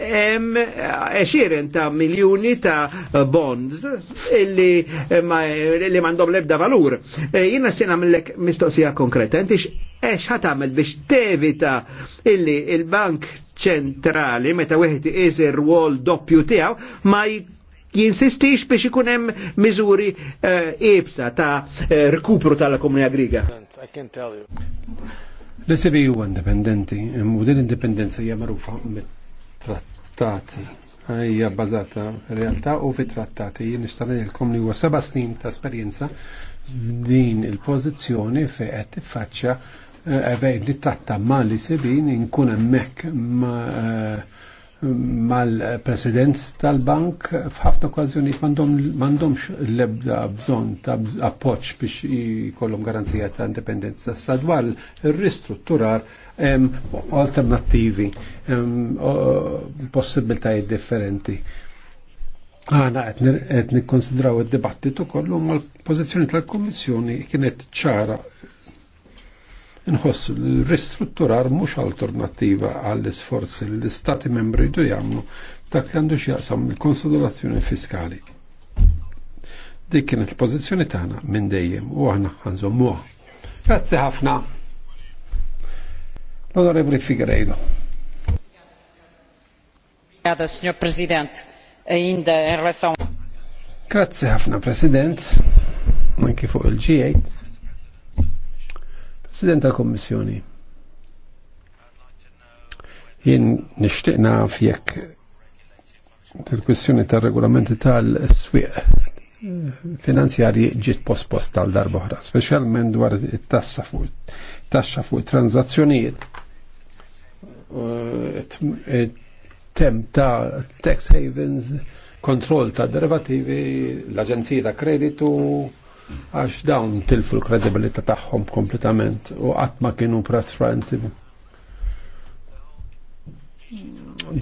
hemm e, xiren ta' miljoni ta' bonds illi ma, li lebda valur. Jina s Jiena se nagħmellek mistoqsija konkreta. Intix Ex ħat għamil biex tevita illi il-Bank ċentrali, meta wieħed is wall doppju tijaw, ma jinsistix biex ikun hemm miżuri eh, ibsa ta' eh, rikupru tal-Komunja Griga. L-SB huwa indipendenti, u din indipendenza hija magħrufa mit-trattati hija bazata realtà u fi trattati jien nista' ngħidilkom li huwa seba' snin ta' esperjenza din il-pożizzjoni fejn qed tiffaċċja għabej nittratta ma li sebin inkun emmek eh, mal-president tal-bank f'ħafna okkazjoni mandomx l-ebda bżon ta' appoċ biex jkollhom garanzija ta' indipendenza. Sadwar il-ristrutturar alternativi, possibiltajiet differenti. Għana qed nikkonsidraw id-dibattitu kollu mal-pożizzjoni tal-Kommissjoni kienet ċara nħossu l-ristrutturar mhux alternattiva għall isforzi li l-istati membri jdu jagħmlu dak li għandu x'jaqsam il-konsolidazzjoni fiskali. Dik kienet il-pożizzjoni tagħna minn dejjem u aħna ħanżommuha. Grazzi ħafna. L-Onorevoli Figueiredo. Grazie signor President, e in Grazzi ħafna, President, anki fuq il-G8 President tal-Kommissjoni. Jien nixtieq naf jekk il-kwestjoni tal-regolamenti tal-swieq eh, finanzjarji ġiet pospost tal-darba oħra, speċjalment dwar it-tassa fuq taxxa fuq tranzazzjonijiet. Eh, tem ta' tax havens, kontroll ta' derivativi, l aġenzija ta' kreditu, għax dawn tilfu l-kredibilità tagħhom kompletament u qatt ma kienu trasparency.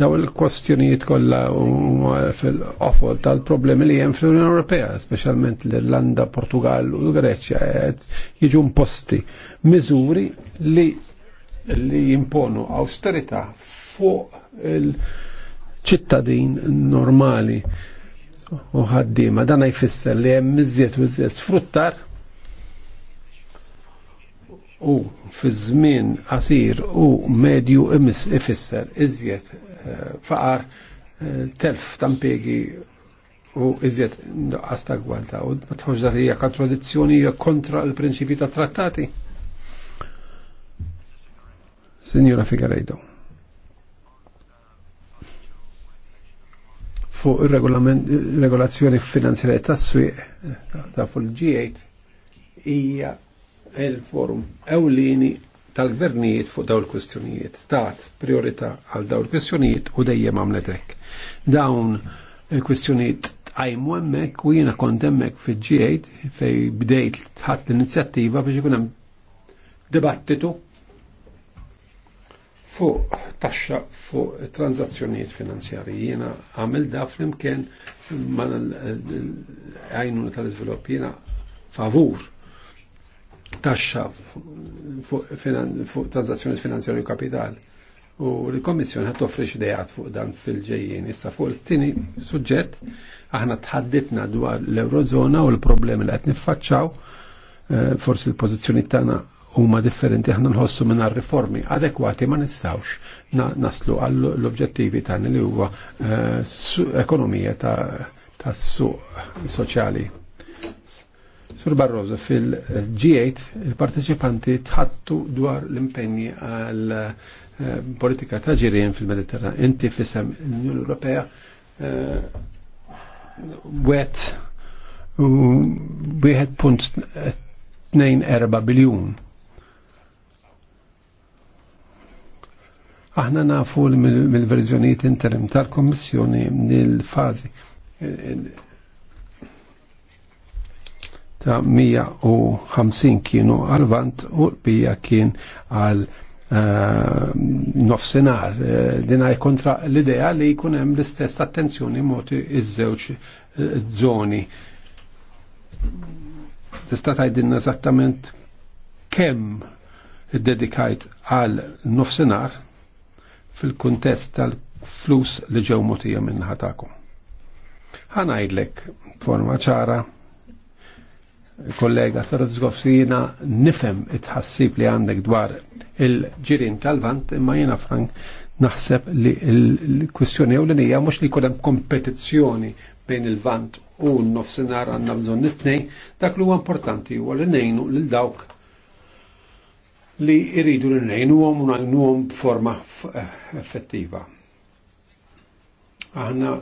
Daw il-kwestjonijiet kollha huma fil-qofol tal-problemi li hemm fl-Unjoni Ewropea, speċjalment l-Irlanda, Portugal u l-Greċja qed jiġu imposti miżuri li li jimponu austerità fuq il-ċittadin normali u ħaddiema. Dan jfisser li hemm iżjed u iżjed sfruttar u fi żmien qasir u medju imis ifisser iżjed eh, faqar eh, telf tampegi u iżjed nuqqas ta' gwalta u ma tħoġ dak hija kontradizzjoni hija kontra l-prinċipji ta' trattati. Signora Figarejdo. fuq il-regolazzjoni finanzjarja tas-swieq ta' fuq il-G8 hija il-forum ewlieni tal-gvernijiet fuq dawn il-kwistjonijiet, tat priorità għal dawn il-kwistjonijiet u dejjem għamlet hekk. Dawn il-kwistjonijiet tqajmu hemmhekk u jiena kont hemmhekk fil-G8 fej bdejt tħadd l-inizjattiva biex ikun hemm dibattitu fuq taxxa fuq transazzjonijiet finanzjarji. Jiena għamil da flimkien mal għajnuna tal-iżvilupp jiena favur taxxa fuq tranzazzjonijiet finanzjarji u kapital. U l-Komissjoni ħat toffri xdejat fuq dan fil-ġejjien. Issa fuq il-tieni suġġett aħna tħadditna dwar l-Eurozona u l-problemi li qed niffaċċaw eh, forsi l-pożizzjoni tagħna huma differenti ħna nħossu minn riformi adekwati ma nistawx naslu għall l-obġettivi li huwa eh, ekonomija ta' suq soċjali. Sur Barroso, fil-G8 il-parteċipanti tħattu dwar l impegni għal eh, politika ta' ġirien fil-Mediterran. Inti fissem l-Unjoni Ewropea eh, wet 1.24 biljun Aħna nafu mill-verżjonijiet interim tal-Kommissjoni nil-fazi eh, eh, ta' 150 kienu għal-vant u l-bija kien għal eh, nofsenar. Dinaj kontra l-idea li jkun hemm l-istess attenzjoni moti iż-żewġ zoni. Tista' tgħidilna eżattament kemm iddedikajt għal nofsenar fil-kuntest tal-flus li ġew mutija minn ħatakom. Ħanajdlek forma ċara kollega Saradzgofsi nifem it tħassib li għandek dwar il-ġirin tal-vant imma jina frank naħseb li l-kwistjoni u l-nija mux li kodem kompetizzjoni bejn il-vant u n-nofsinar għanna bżon tnejn dak li huwa importanti u l-nejnu l-dawk li jridu li nejnuhom u nejnuhom b'forma eh, effettiva. Aħna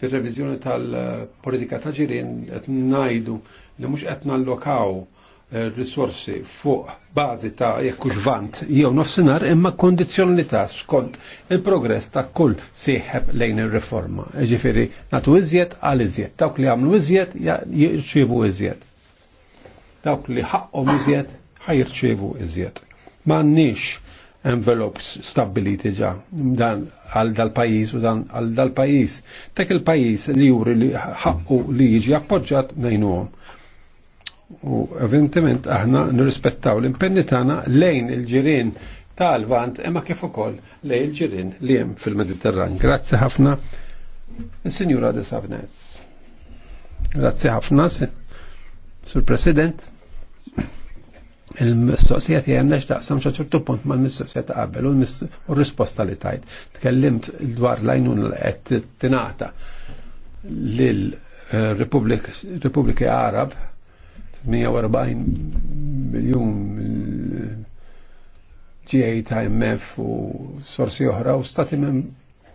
fir-reviżjoni tal-politika ta' ġirien qed ngħidu li mhux qed nallokaw eh, risorsi fuq bażi ta' jekkux vant jew nofsinhar imma kondizzjonalità skont il-progress ta' kull sieħeb lejn ir-riforma. Ġifieri nagħtu iżjed għal iżjed, dawk li għamlu iżjed jirċievu iżjed. Dawk li ħaqhom iżjed ħajrċevu iżjed. M'għandniex envelopes stabiliti ġa dan għal dal-pajis u dan għal dal-pajis. Tek il-pajis li juri li ħakku li jiġi appoġġat nejnuhom. U evidentement aħna nirrispettaw l-impenni tagħna lejn il-ġirien tal-vant imma kif ukoll lejn il-ġirien li hemm fil-Mediterran. Grazzi ħafna. Signora de Savnez. Grazzi ħafna, Sur President. Il-mistoqsija ti għandha x'taqsam xi punt ma l mistoqsija ta' qabel u r-risposta li tajt. Tkellimt dwar l li qed tingħata l-Republika eh, Arab 140 miljun ġiej ta' MF u sorsi oħra u stati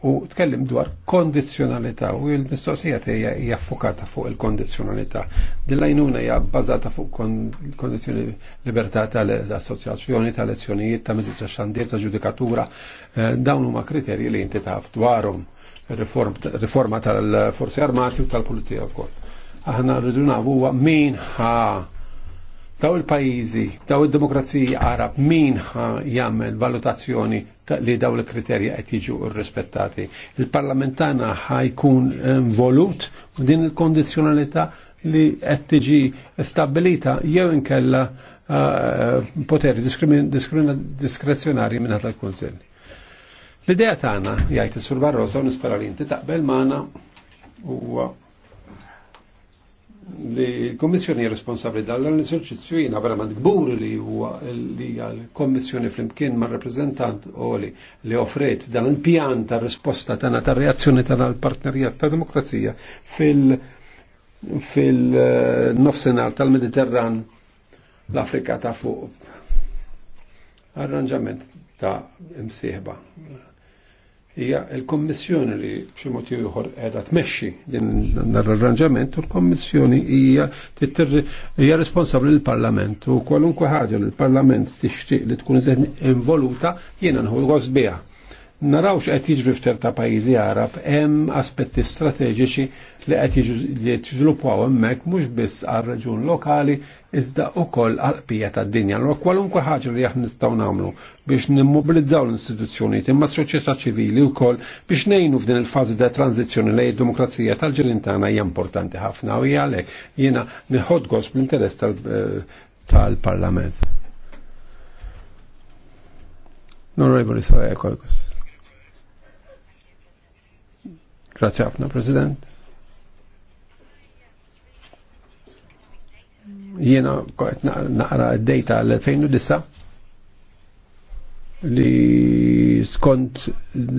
u tkellim dwar kondizjonalità u l-mistoqsija tiegħi hija ffukata fuq il-kondizjonalità. Dil-lajnuna hija bbażata fuq kondizjoni libertà tal-assoċjazzjoni, tal lezzjonijiet, ta' mezzi ta' xandir, ta' ġudikatura, eh, dawn huma kriterji li inti taf dwarhom riforma tal-forzi armati u tal-pulizija wkoll. Aħna rridu nafu huwa min ha daw il-pajizi, daw il-demokrazija Arab, min jagħmel valutazzjoni li daw l-kriterja qed jiġu rrispettati. Il-parlamentana ħajkun involut eh, din il-kondizjonalità li qed tiġi stabilita jew inkella eh, poteri diskrezjonari minn ħadd kunsell L-idea tagħna jgħid is-Sur Barrosa u nispera li inti taqbel magħna huwa li l-Kommissjoni responsabli dal-eserċizzju jina verament gbur li huwa li l-Kommissjoni flimkien ma' rappresentant u li li offret dan il-pjan ta' risposta tagħna ta' reazzjoni tana l-partnerijat ta' demokrazija fil- fil-nofsenar tal-Mediterran l-Afrika ta' fuq. Arranġament ta' msieħba hija l-Kommissjoni li b'xi mod ieħor qiegħda tmexxi din l-arranġament u l-Kommissjoni hija hija responsabbli l-Parlament u kwalunkwe ħaġa li l-Parlament tixtieq li tkun involuta jiena nħu biha narawx qed jiġri ta' pajjiżi Arab hemm aspetti strateġiċi li qed li jiżviluppaw hemmhekk mhux biss għar-reġun lokali iżda wkoll għall-qbija tad-dinja. Allora kwalunkwe ħaġa li aħna nistgħu nagħmlu biex nimmobilizzaw l-istituzzjonijiet imma s-soċjetà ċivili wkoll biex ngħinu f'din il-fażi ta' tranzizzjoni lejn id-demokrazija tal-ġirin tagħna hija importanti ħafna u hija għalhekk jiena niħod gost bl-interess eh, tal-Parlament. Norrevoli Soraya Koikos. Grazie ħafna, President. Jiena kont naqra d-data l-2009 li skont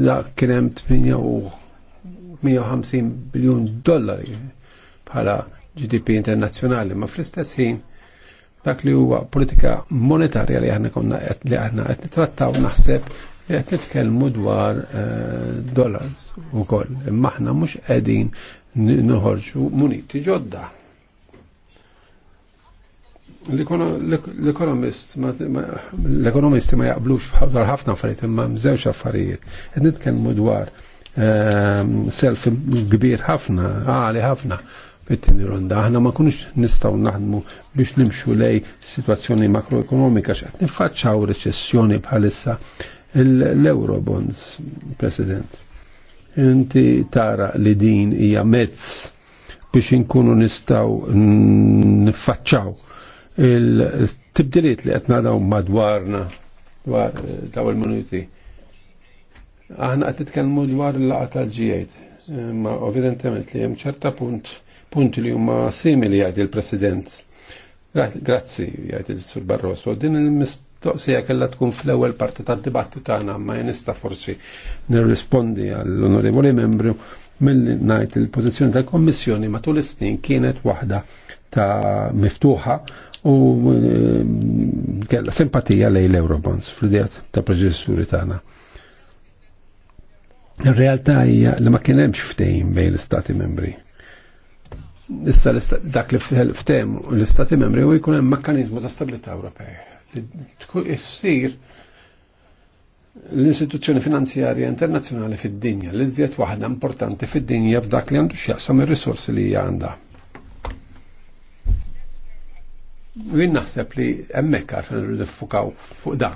da kien hemm biljon biljun dollari bħala GDP internazzjonali, ma fl-istess ħin dak li huwa politika monetarja li aħna konna li aħna qed nittrattaw naħseb qed titkellmu dwar eh, dollars ukoll, imma aħna mhux qegħdin noħorġu muniti ġodda. L-ekonomisti ma jaqblux dwar ħafna affarijiet imma mżewġ affarijiet. Qed nitkellmu dwar ehm, self kbir ħafna, għali ħafna fit-tieni ronda. Aħna ma kunux nistgħu naħdmu biex nimxu lej situazzjoni makroekonomika x'qed niffaċċaw reċessjoni bħalissa l-Eurobonds, President. Inti tara li din hija mezz biex inkunu nistaw nfaċċaw il-tibdiliet li qed nadaw madwarna dwar eh, daw il-minuti. Aħna qed titkellmu dwar il-laqa g ma ovidentement li hemm ċerta punt punti li huma simili għadil il-President. Grazzi, għajt il-Sur Barroso. Din il-mist Toqsija kella tkun fl-ewwel parti tad-dibattu tagħna ma nista' forsi nirrispondi għall-onorevoli membru milli ngħid il-pożizzjoni tal-Kommissjoni matul is-snin kienet waħda ta' miftuħa u eh, kella simpatija lej l-Eurobonds fl ta' preġessuri tagħna. Ir-realtà hija li ma kien hemmx ftehim bejn l-istati membri issa dak li ftem l-istati membri u jkun hemm mekkaniżmu ta' stabilità Ewropej issir l-istituzzjoni finanzjarja internazzjonali fid-dinja, li żjed waħda importanti fid-dinja f'dak li għandu x'jaqsam ir-risorsi li għandha. Min naħseb li hemmhekk aħna nifukaw fuq da.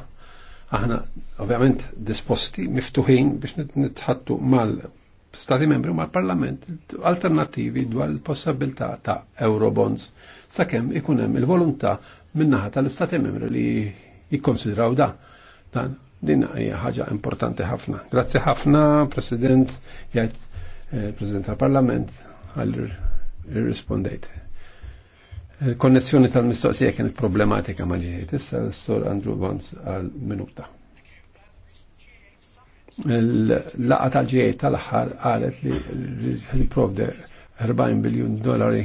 Aħna ovvjament disposti, miftuħin biex nitħattu mal-Stati membri u mal-Parlament alternattivi dwar il-possibilità ta' Eurobonds sakemm ikun hemm il-volontà minnaħa tal-istati membri li jikkonsidraw da. Dan din hija ħaġa importanti ħafna. Grazzi ħafna, President, jgħid eh, President tal-Parlament, għal rispondejt. Il-konnessjoni eh, tal-mistoqsija kienet problematika ma' maġijiet. Issa l-Sor Andrew Vance għal minuta. L-laqa tal-ġijiet tal-ħar għalet li l-provde 40 biljun dollari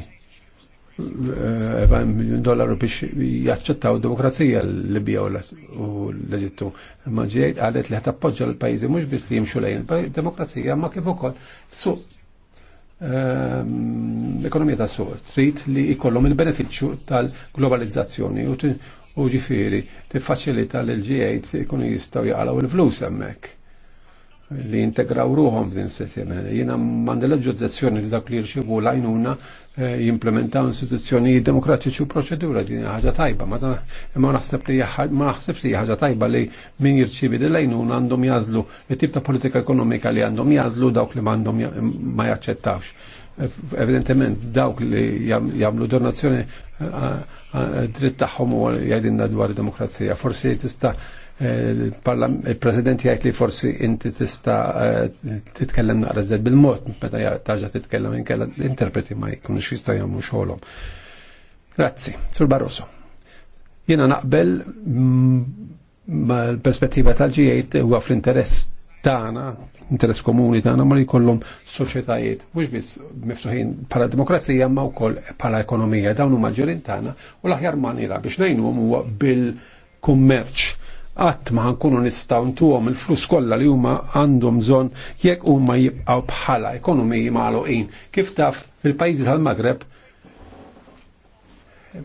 Eh, miljon dollaru biex jaċċettaw demokrazija l-Libja u l-Eġittu. Ma ġejt għadet li ħtappoġġa l-pajjiżi mhux biss li jimxu lejn demokrazija ma kif ukoll su. Ehm, ekonomija ta' suq. Trid li jkollhom il-benefiċċju tal-globalizzazzjoni u ġifieri tiffaċilita l-G8 ikunu jistgħu jaqalgħu il-flus hemmhekk li integraw ruħom din s-sistema. Jina mandela ġudzazzjoni li dak li jirxivu lajnuna eh, jimplementaw istituzzjoni demokratiċi u proċedura din ħaġa tajba. Ma naħseb li ma naħseb li ħaġa tajba li min jirċivi din lajnuna għandhom jazlu li tip ta' politika ekonomika li għandhom jazlu dawk li għandhom ma jaċċettawx. Evidentement dawk li jamlu donazzjoni eh, eh, dritt tagħhom u jgħidilna dwar demokrazija. Forsi tista' il-President jgħid li forsi inti tista eh, titkellem naqra zed bil-mod meta ta'ġa' titkellem inkella l-interpreti ma jkunux jista' jagħmlu xogħolhom. Grazzi, Sur Barroso. Jiena naqbel mm, l perspettiva tal tal-G8 huwa fl-interess tagħna, interess komuni tagħna ma li jkollhom soċjetajiet mhux biss miftuħin bħala demokrazija ma wkoll bħala ekonomija dawn huma tana, tagħna u l-aħjar manira biex najnum huwa bil-kummerċ Qatt ma ħankunu nistgħu ntuhom il-flus kollha li huma għandhom bżonn jekk huma jibqgħu bħala ekonomiji magħluqin. Kif taf fil-pajjiżi tal-Magreb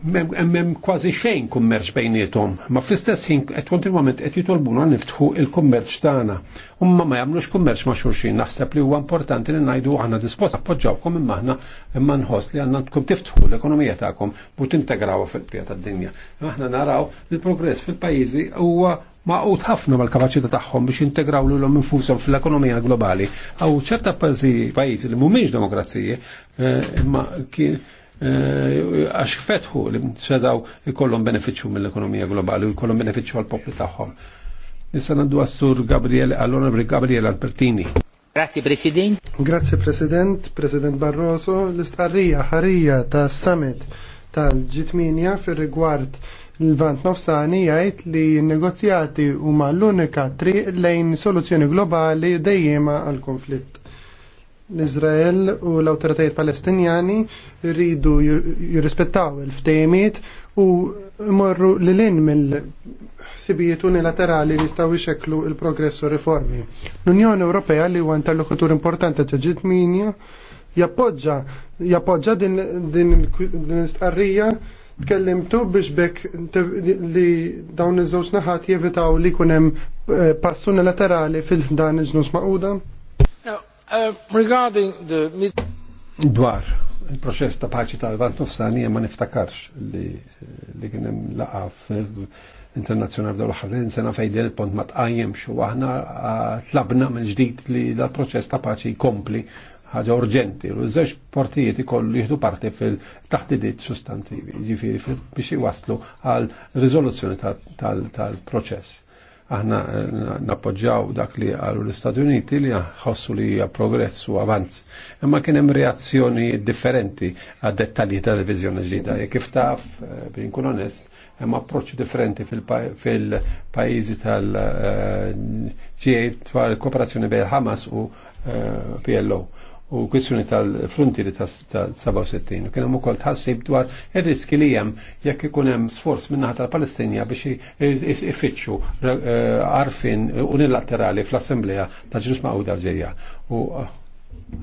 hemm kważi xejn kummerċ bejnietom, ma fl-istess ħin qed kontinwament qed jitolbuna niftħu il-kummerċ tagħna. Umma ma jagħmlux kummerċ ma' xulxin, naħseb li huwa importanti li ngħidu aħna dispost appoġġawkom imma aħna imma nħoss li għandna tkun tiftħu l-ekonomija tagħkom u tintegrawha fil pjata d dinja Aħna naraw li progress fil-pajjiżi huwa maqut ħafna mal-kapacità tagħhom biex integraw lilhom infushom fl-ekonomija globali. Aw ċerta pajjiżi li mhumiex demokrazija eh, imma kien Eh, għax fetħu li sedaw ikollhom benefiċċju mill-ekonomija globali u jkollhom benefiċċju għal popli tagħhom. Issa għandu għassur Gabriele, Al-Onabri Gabriele Albertini. Grazie President. Grazie President, President Barroso, l-istqarrija ħarija ta' summit tal-G8 fir-rigward l-Vant Nofsani jgħid li n-negozjati huma l-unika triq lejn soluzzjoni globali dejjema għal konflitt l-Izrael u l-autoritajiet palestinjani rridu jirrispettaw il-ftejmiet u morru l-lin mill-sibijiet unilaterali li staw ixeklu il-progress u riformi. L-Unjoni Ewropea li huwa interlokutur importanti ġeġit minja jappoġġa jappoġġa din l-istqarrija tkellimtu biex bekk li dawn iż-żewġ naħat jevitaw li kunem eh, passu unilaterali fil-dan iġnus maquda? regarding the dwar il-proċess ta' paċi tal-Vant Nofsani ma niftakarx li li kien hemm laqaf internazzjonali aħħar ħarlin sena fejden il-pont ma tqajjemx u aħna tlabna mill-ġdid li dal-proċess ta' paċi jkompli ħaġa urġenti, u żewġ partijiet ikollu jieħdu parti fil taħtidiet sustantivi, ġifieri biex iwaslu għal riżoluzzjoni tal-proċess. Aħna eh, nappoġġaw dak li għalu l-Istati Uniti li ħossu li hija progress u avanz. Imma kien hemm reazzjoni differenti għad dettalji ta' diviżjoni ġdida. Kif taf, eh, bejn kun onest, hemm approċċ differenti fil-pajjiżi tal-ġiet eh, il kooperazzjoni bejn Hamas u PLO u kwistjoni tal-frontieri ta' 67 u kien hemm ukoll tħassib dwar ir-riski li hemm jekk ikun hemm sforz minnaħa tal-Palestinja biex ifittxu eh, għarfin unilaterali fl-Assembleja ta' Ġnus Mawda ġejja. Eh,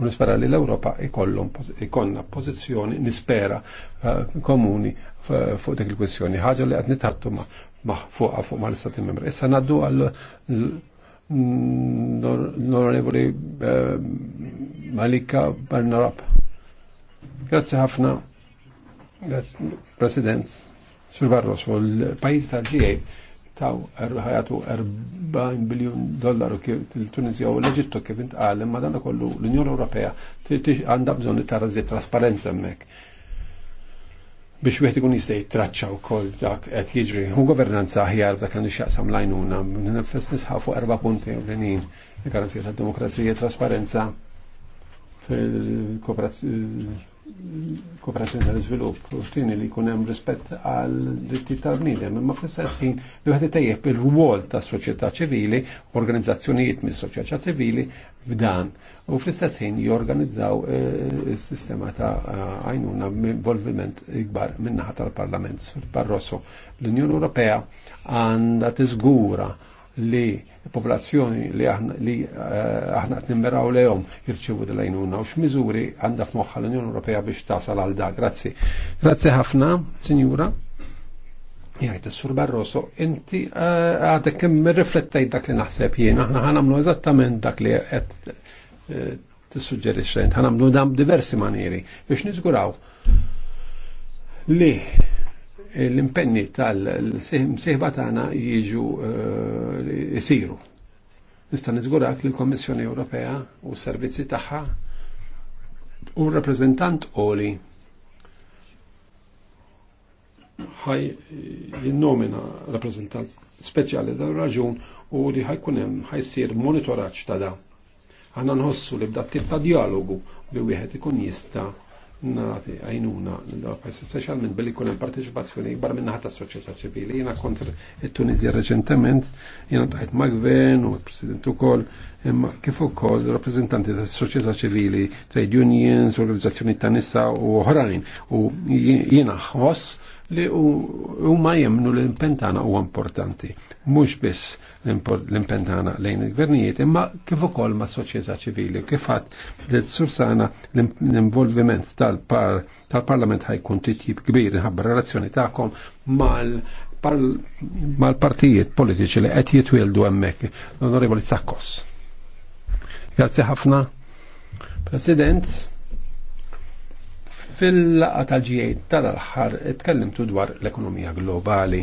u nispera li l-Ewropa ikonna pożizzjoni nispera eh, komuni fuq dik il-kwistjoni. Ħaġa li qed nitħattu ma' fuq fuq l istati Membri. Issa naddu għall Mm, l-onorevoli eh, Malika Barnarab. Grazie ħafna, President. Sur Barroso, l-pajis tal ġie taw er-, ħajatu 40 biljon dollaru kif il-Tunizja u l-Eġittu kif intqal, ma dan kollu l-Unjoni Ewropea għandha bżonni ta' rażiet trasparenza hemmhekk biex wieħed ikun jista' jitraċċa wkoll dak qed jiġri. Hu governanza aħjar dak għandu x'jaqsam lajnuna, nifess nisħa fuq erba' punti ewlenin, il-garanzija tad-demokrazija, trasparenza, fil-kooperazzjoni kooperazzjoni tal-izvilupp u li jkun hemm rispett għal dritti tal-bniedem, imma fl-istess ħin li wieħed itejjeb ir-rwol ta' soċjetà ċivili, organizzazzjonijiet mis-soċjetà ċivili f'dan. U fl-istess ħin jorganizzaw is-sistema eh, ta' għajnuna involviment ikbar minnaħa tal-Parlament Barroso. L-Unjoni Ewropea għandha tiżgura li popolazzjoni li aħna li eh, aħna qed nimmeraw lehom jirċevu dil-għajnuna u x'miżuri għandha f'moħħa l-Unjoni Ewropea biex tasal għal dak. Grazzi. Grazzi ħafna, Sinjura. Jgħid is-Sur Barroso, inti eh, għadek kemm riflettejt dak li naħseb jien, aħna nagħmlu eżattament dak li qed eh, tissuġġerixxa int nagħmlu dam diversi manieri biex niżguraw li l-impenni tal-sihba tagħna jiġu jisiru. Eh, Nista' niżgurak li l-Kommissjoni Ewropea u s-servizzi tagħha un rappreżentant qoli ħaj jinnomina rappresentant speċjali da raġun u li ħajkun hemm ħajsir monitoraġġ ta' da. Aħna nħossu li bda tip ta' dialogu li wieħed ikun jista' nati għajnuna specialment billi kunem partecipazzjoni ikbar minna ħata soċieta ċivili. jina kontra il-Tunizja reċentement, jina taħt magven u il-President ukoll, imma kif ukoll rappresentanti ta' soċieta ċivili, trade unions, organizzazzjoni ta' nisa u oħrajn. U jina ħoss li huma jemnu l-impentana u importanti. Mhux biss l-impentana lejn il-gvernijiet, imma kif ukoll ma' soċjetà ċivili, kif fatt li sursana l-involviment tal-Parlament ħajkun titjib kbir ħabba relazzjoni tagħkom mal-partijiet politiċi li qed jitwildu hemmhekk. L-Onorevoli Sakkos. Grazie ħafna. President, fil laqqa tal g tal-aħħar itkellimtu dwar l-ekonomija globali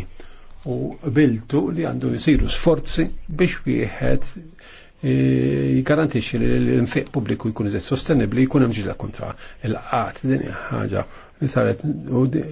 u biltu li għandu jisiru sforzi biex wieħed e, jgarantixxi li l-infiq pubbliku jkun iżgħid sostenibbli jkun hemm ġila kontra il-qat din ħaġa saret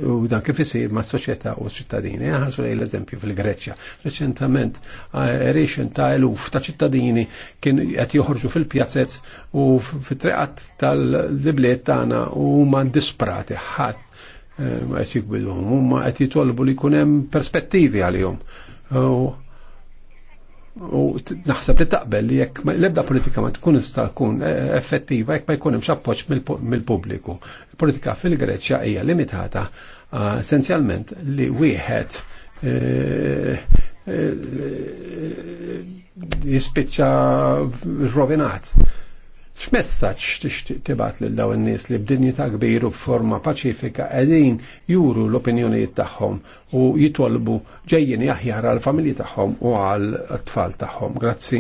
u dan kif isir ma' soċjetà u ċittadini. Ħarsu lej l-eżempju fil-Greċja. Reċentament erixen ta' eluf ta' ċittadini kien qed joħorġu fil-pjazzezz u fit-triqat tal-dibliet tagħna u huma disprati ħadd eh, qed jikbidhom, huma qed jitolbu li jkun hemm perspettivi għalihom. U naħseb li taqbel li jekk l-ebda politika ma tkun sta tkun eh, effettiva jekk ma jkunx appoġġ mill-pubbliku. Il-politika fil-Greċja hija limitata ah, essenzjalment li wieħed eh, eh, jispiċċa rovinat X'messaġġ tixtieq tibgħat lil dawn in-nies li b'dinjità kbir u b'forma paċifika qegħdin juru l-opinjonijiet tagħhom u jitolbu ġejjin aħjar għall familji tagħhom u għal tfal tagħhom. Grazzi.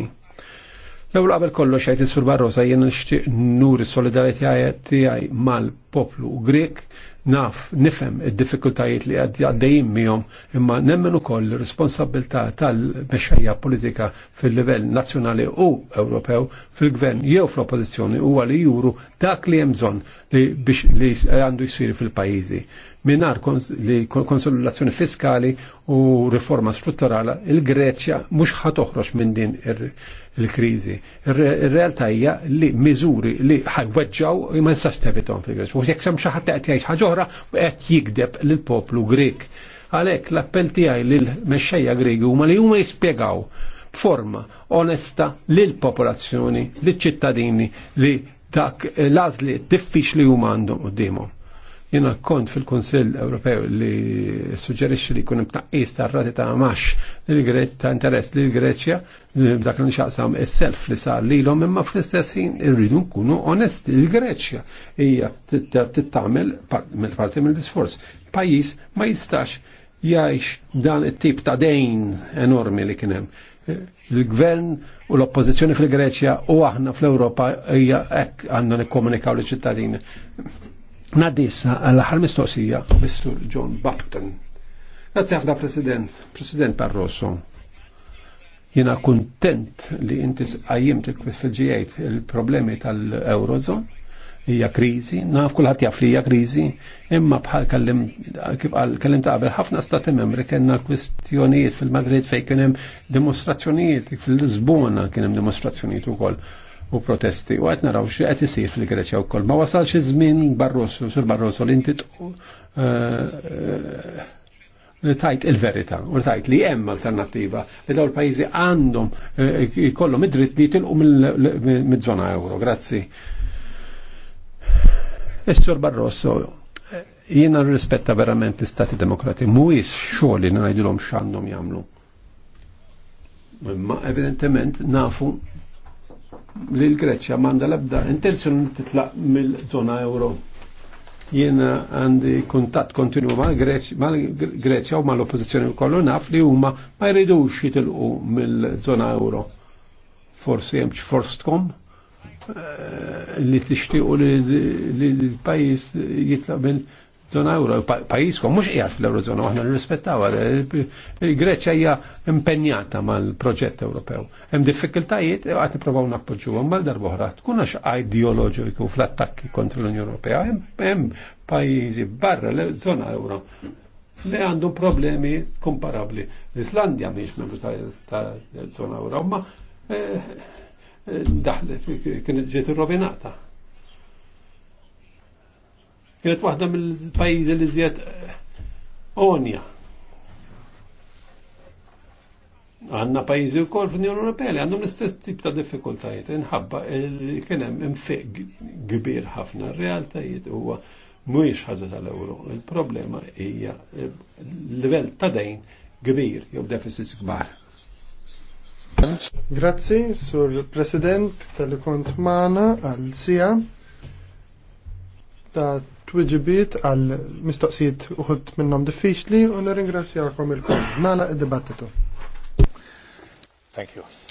L-ewwel qabel kollox għajt is-Sur Barrosa jien nixtieq nuri solidarjetà tiegħi mal-poplu Grek naf, nifem id-diffikultajiet li għaddejjim miħom imma nemmen ukoll responsabilità tal-mexxejja politika fil-livell nazzjonali u Ewropew fil-gvern jew fl-oppożizzjoni huwa li juru dak li hemm bżonn li li għandu jsir fil-pajjiżi minar li konsolidazzjoni fiskali u riforma strutturala il-Greċja mhux ħatoħroċ minn din il-kriżi. Ir-realtà hija li miżuri li ħajweġġaw ma nistax tevitom fil-Greċja. U jekk hemm xi ħadd qed jgħid ħaġa oħra qed jikdeb lill-poplu Grek. Għalhekk l-appell tiegħi lill-mexxejja Gregi huma li huma jispjegaw b'forma onesta lill-popolazzjoni, lill-ċittadini li dak l-għażli diffiċli huma għandhom qudiemhom. Jena kont fil-Konsil Ewropew li suġġerixxi li jkun imtaqqis tar-rati ta' għamax lil ta' interess lil Greċja eh, dak li xaqsam is-self li sar lilhom imma fl-istess ħin irridu nkunu onesti il-Greċja hija tittamel mill-parti mill-isfors. Pajjiż ma jistax jgħix dan it-tip ta' dejn enormi li kien hemm eh, il-gvern u l-oppozizjoni fil-Greċja u aħna fl-Europa hija hekk għandna nikkomunikaw liċ ċittadini Nadissa għall-aħħar mistoqsija Mr. John Bapton. Grazie ħafna President, President Barroso. Jena kontent li inti kwis fil-ġijajt il-problemi tal eurozon hija krizi, naf kulħadd jaf li hija krizi, imma bħal kellim kif qal kellim ħafna stati membri kellna kwistjonijiet fil-Madrid fejn kien hemm dimostrazzjonijiet fil-Lisbona kien hemm dimostrazzjonijiet ukoll u protesti. U għet naraw xie għet jisir fil-Greċja u koll. Ma wasal xie żmien Barroso, sur Barroso li inti uh, uh, tajt il-verita u tajt li hemm alternativa li daw il-pajjiżi għandhom jkollhom eh, id-dritt li jitilqu mid-żona euro. Grazzi. Is-Sur e, Barroso, jiena rispetta verament l-Istati Demokrati, mhuwiex xogħol li ngħidulhom x'għandhom jagħmlu. Ma evidentement nafu li l-Greċja manda l-ebda intenzjoni titlaq mill-zona euro. Jiena għandi kuntatt kontinu ma' l-Greċja u ma' l-oppozizjoni kollu naf li huma ma' jridux jitilqu mill-zona euro. Forsi hemm forstkom eh, li tixtiequ li l-pajjiż jitlaq mill zona euro, pajiskom mux qiegħed fl-eurozona, aħna nirrispettaw il-Greċja eh, hija impenjata mal-proġett Ewropew. Hemm diffikultajiet qed eh, nippruvaw nappoġġuhom mal darbohra tkun għax ideoloġiku fl-attakki kontra l-Unjoni Ewropea, hemm pajjiżi barra l-żona euro li għandu problemi komparabli. L-Islandja miex membru tal-żona euro, ma eh, daħlet kienet ġiet irrovinata. Kienet waħda mill-pajjiżi li żjed eh, onja. Għanna pajjiżi wkoll fl-Unjoni Ewropea li għandhom l-istess tip ta' diffikultajiet inħabba kien hemm infiq kbir ħafna r-realtajiet huwa mhuwiex ħaġa tal ewro Il-problema hija l-livell eh, ta' dejn kbir jew deficits kbar. Grazzi, sur President tal-kont mana għal-sija ta' tweġibiet għal mistoqsijiet uħud minnom diffiċli u nirringrazzjakom il-kom. Nala id-dibattitu. Thank you.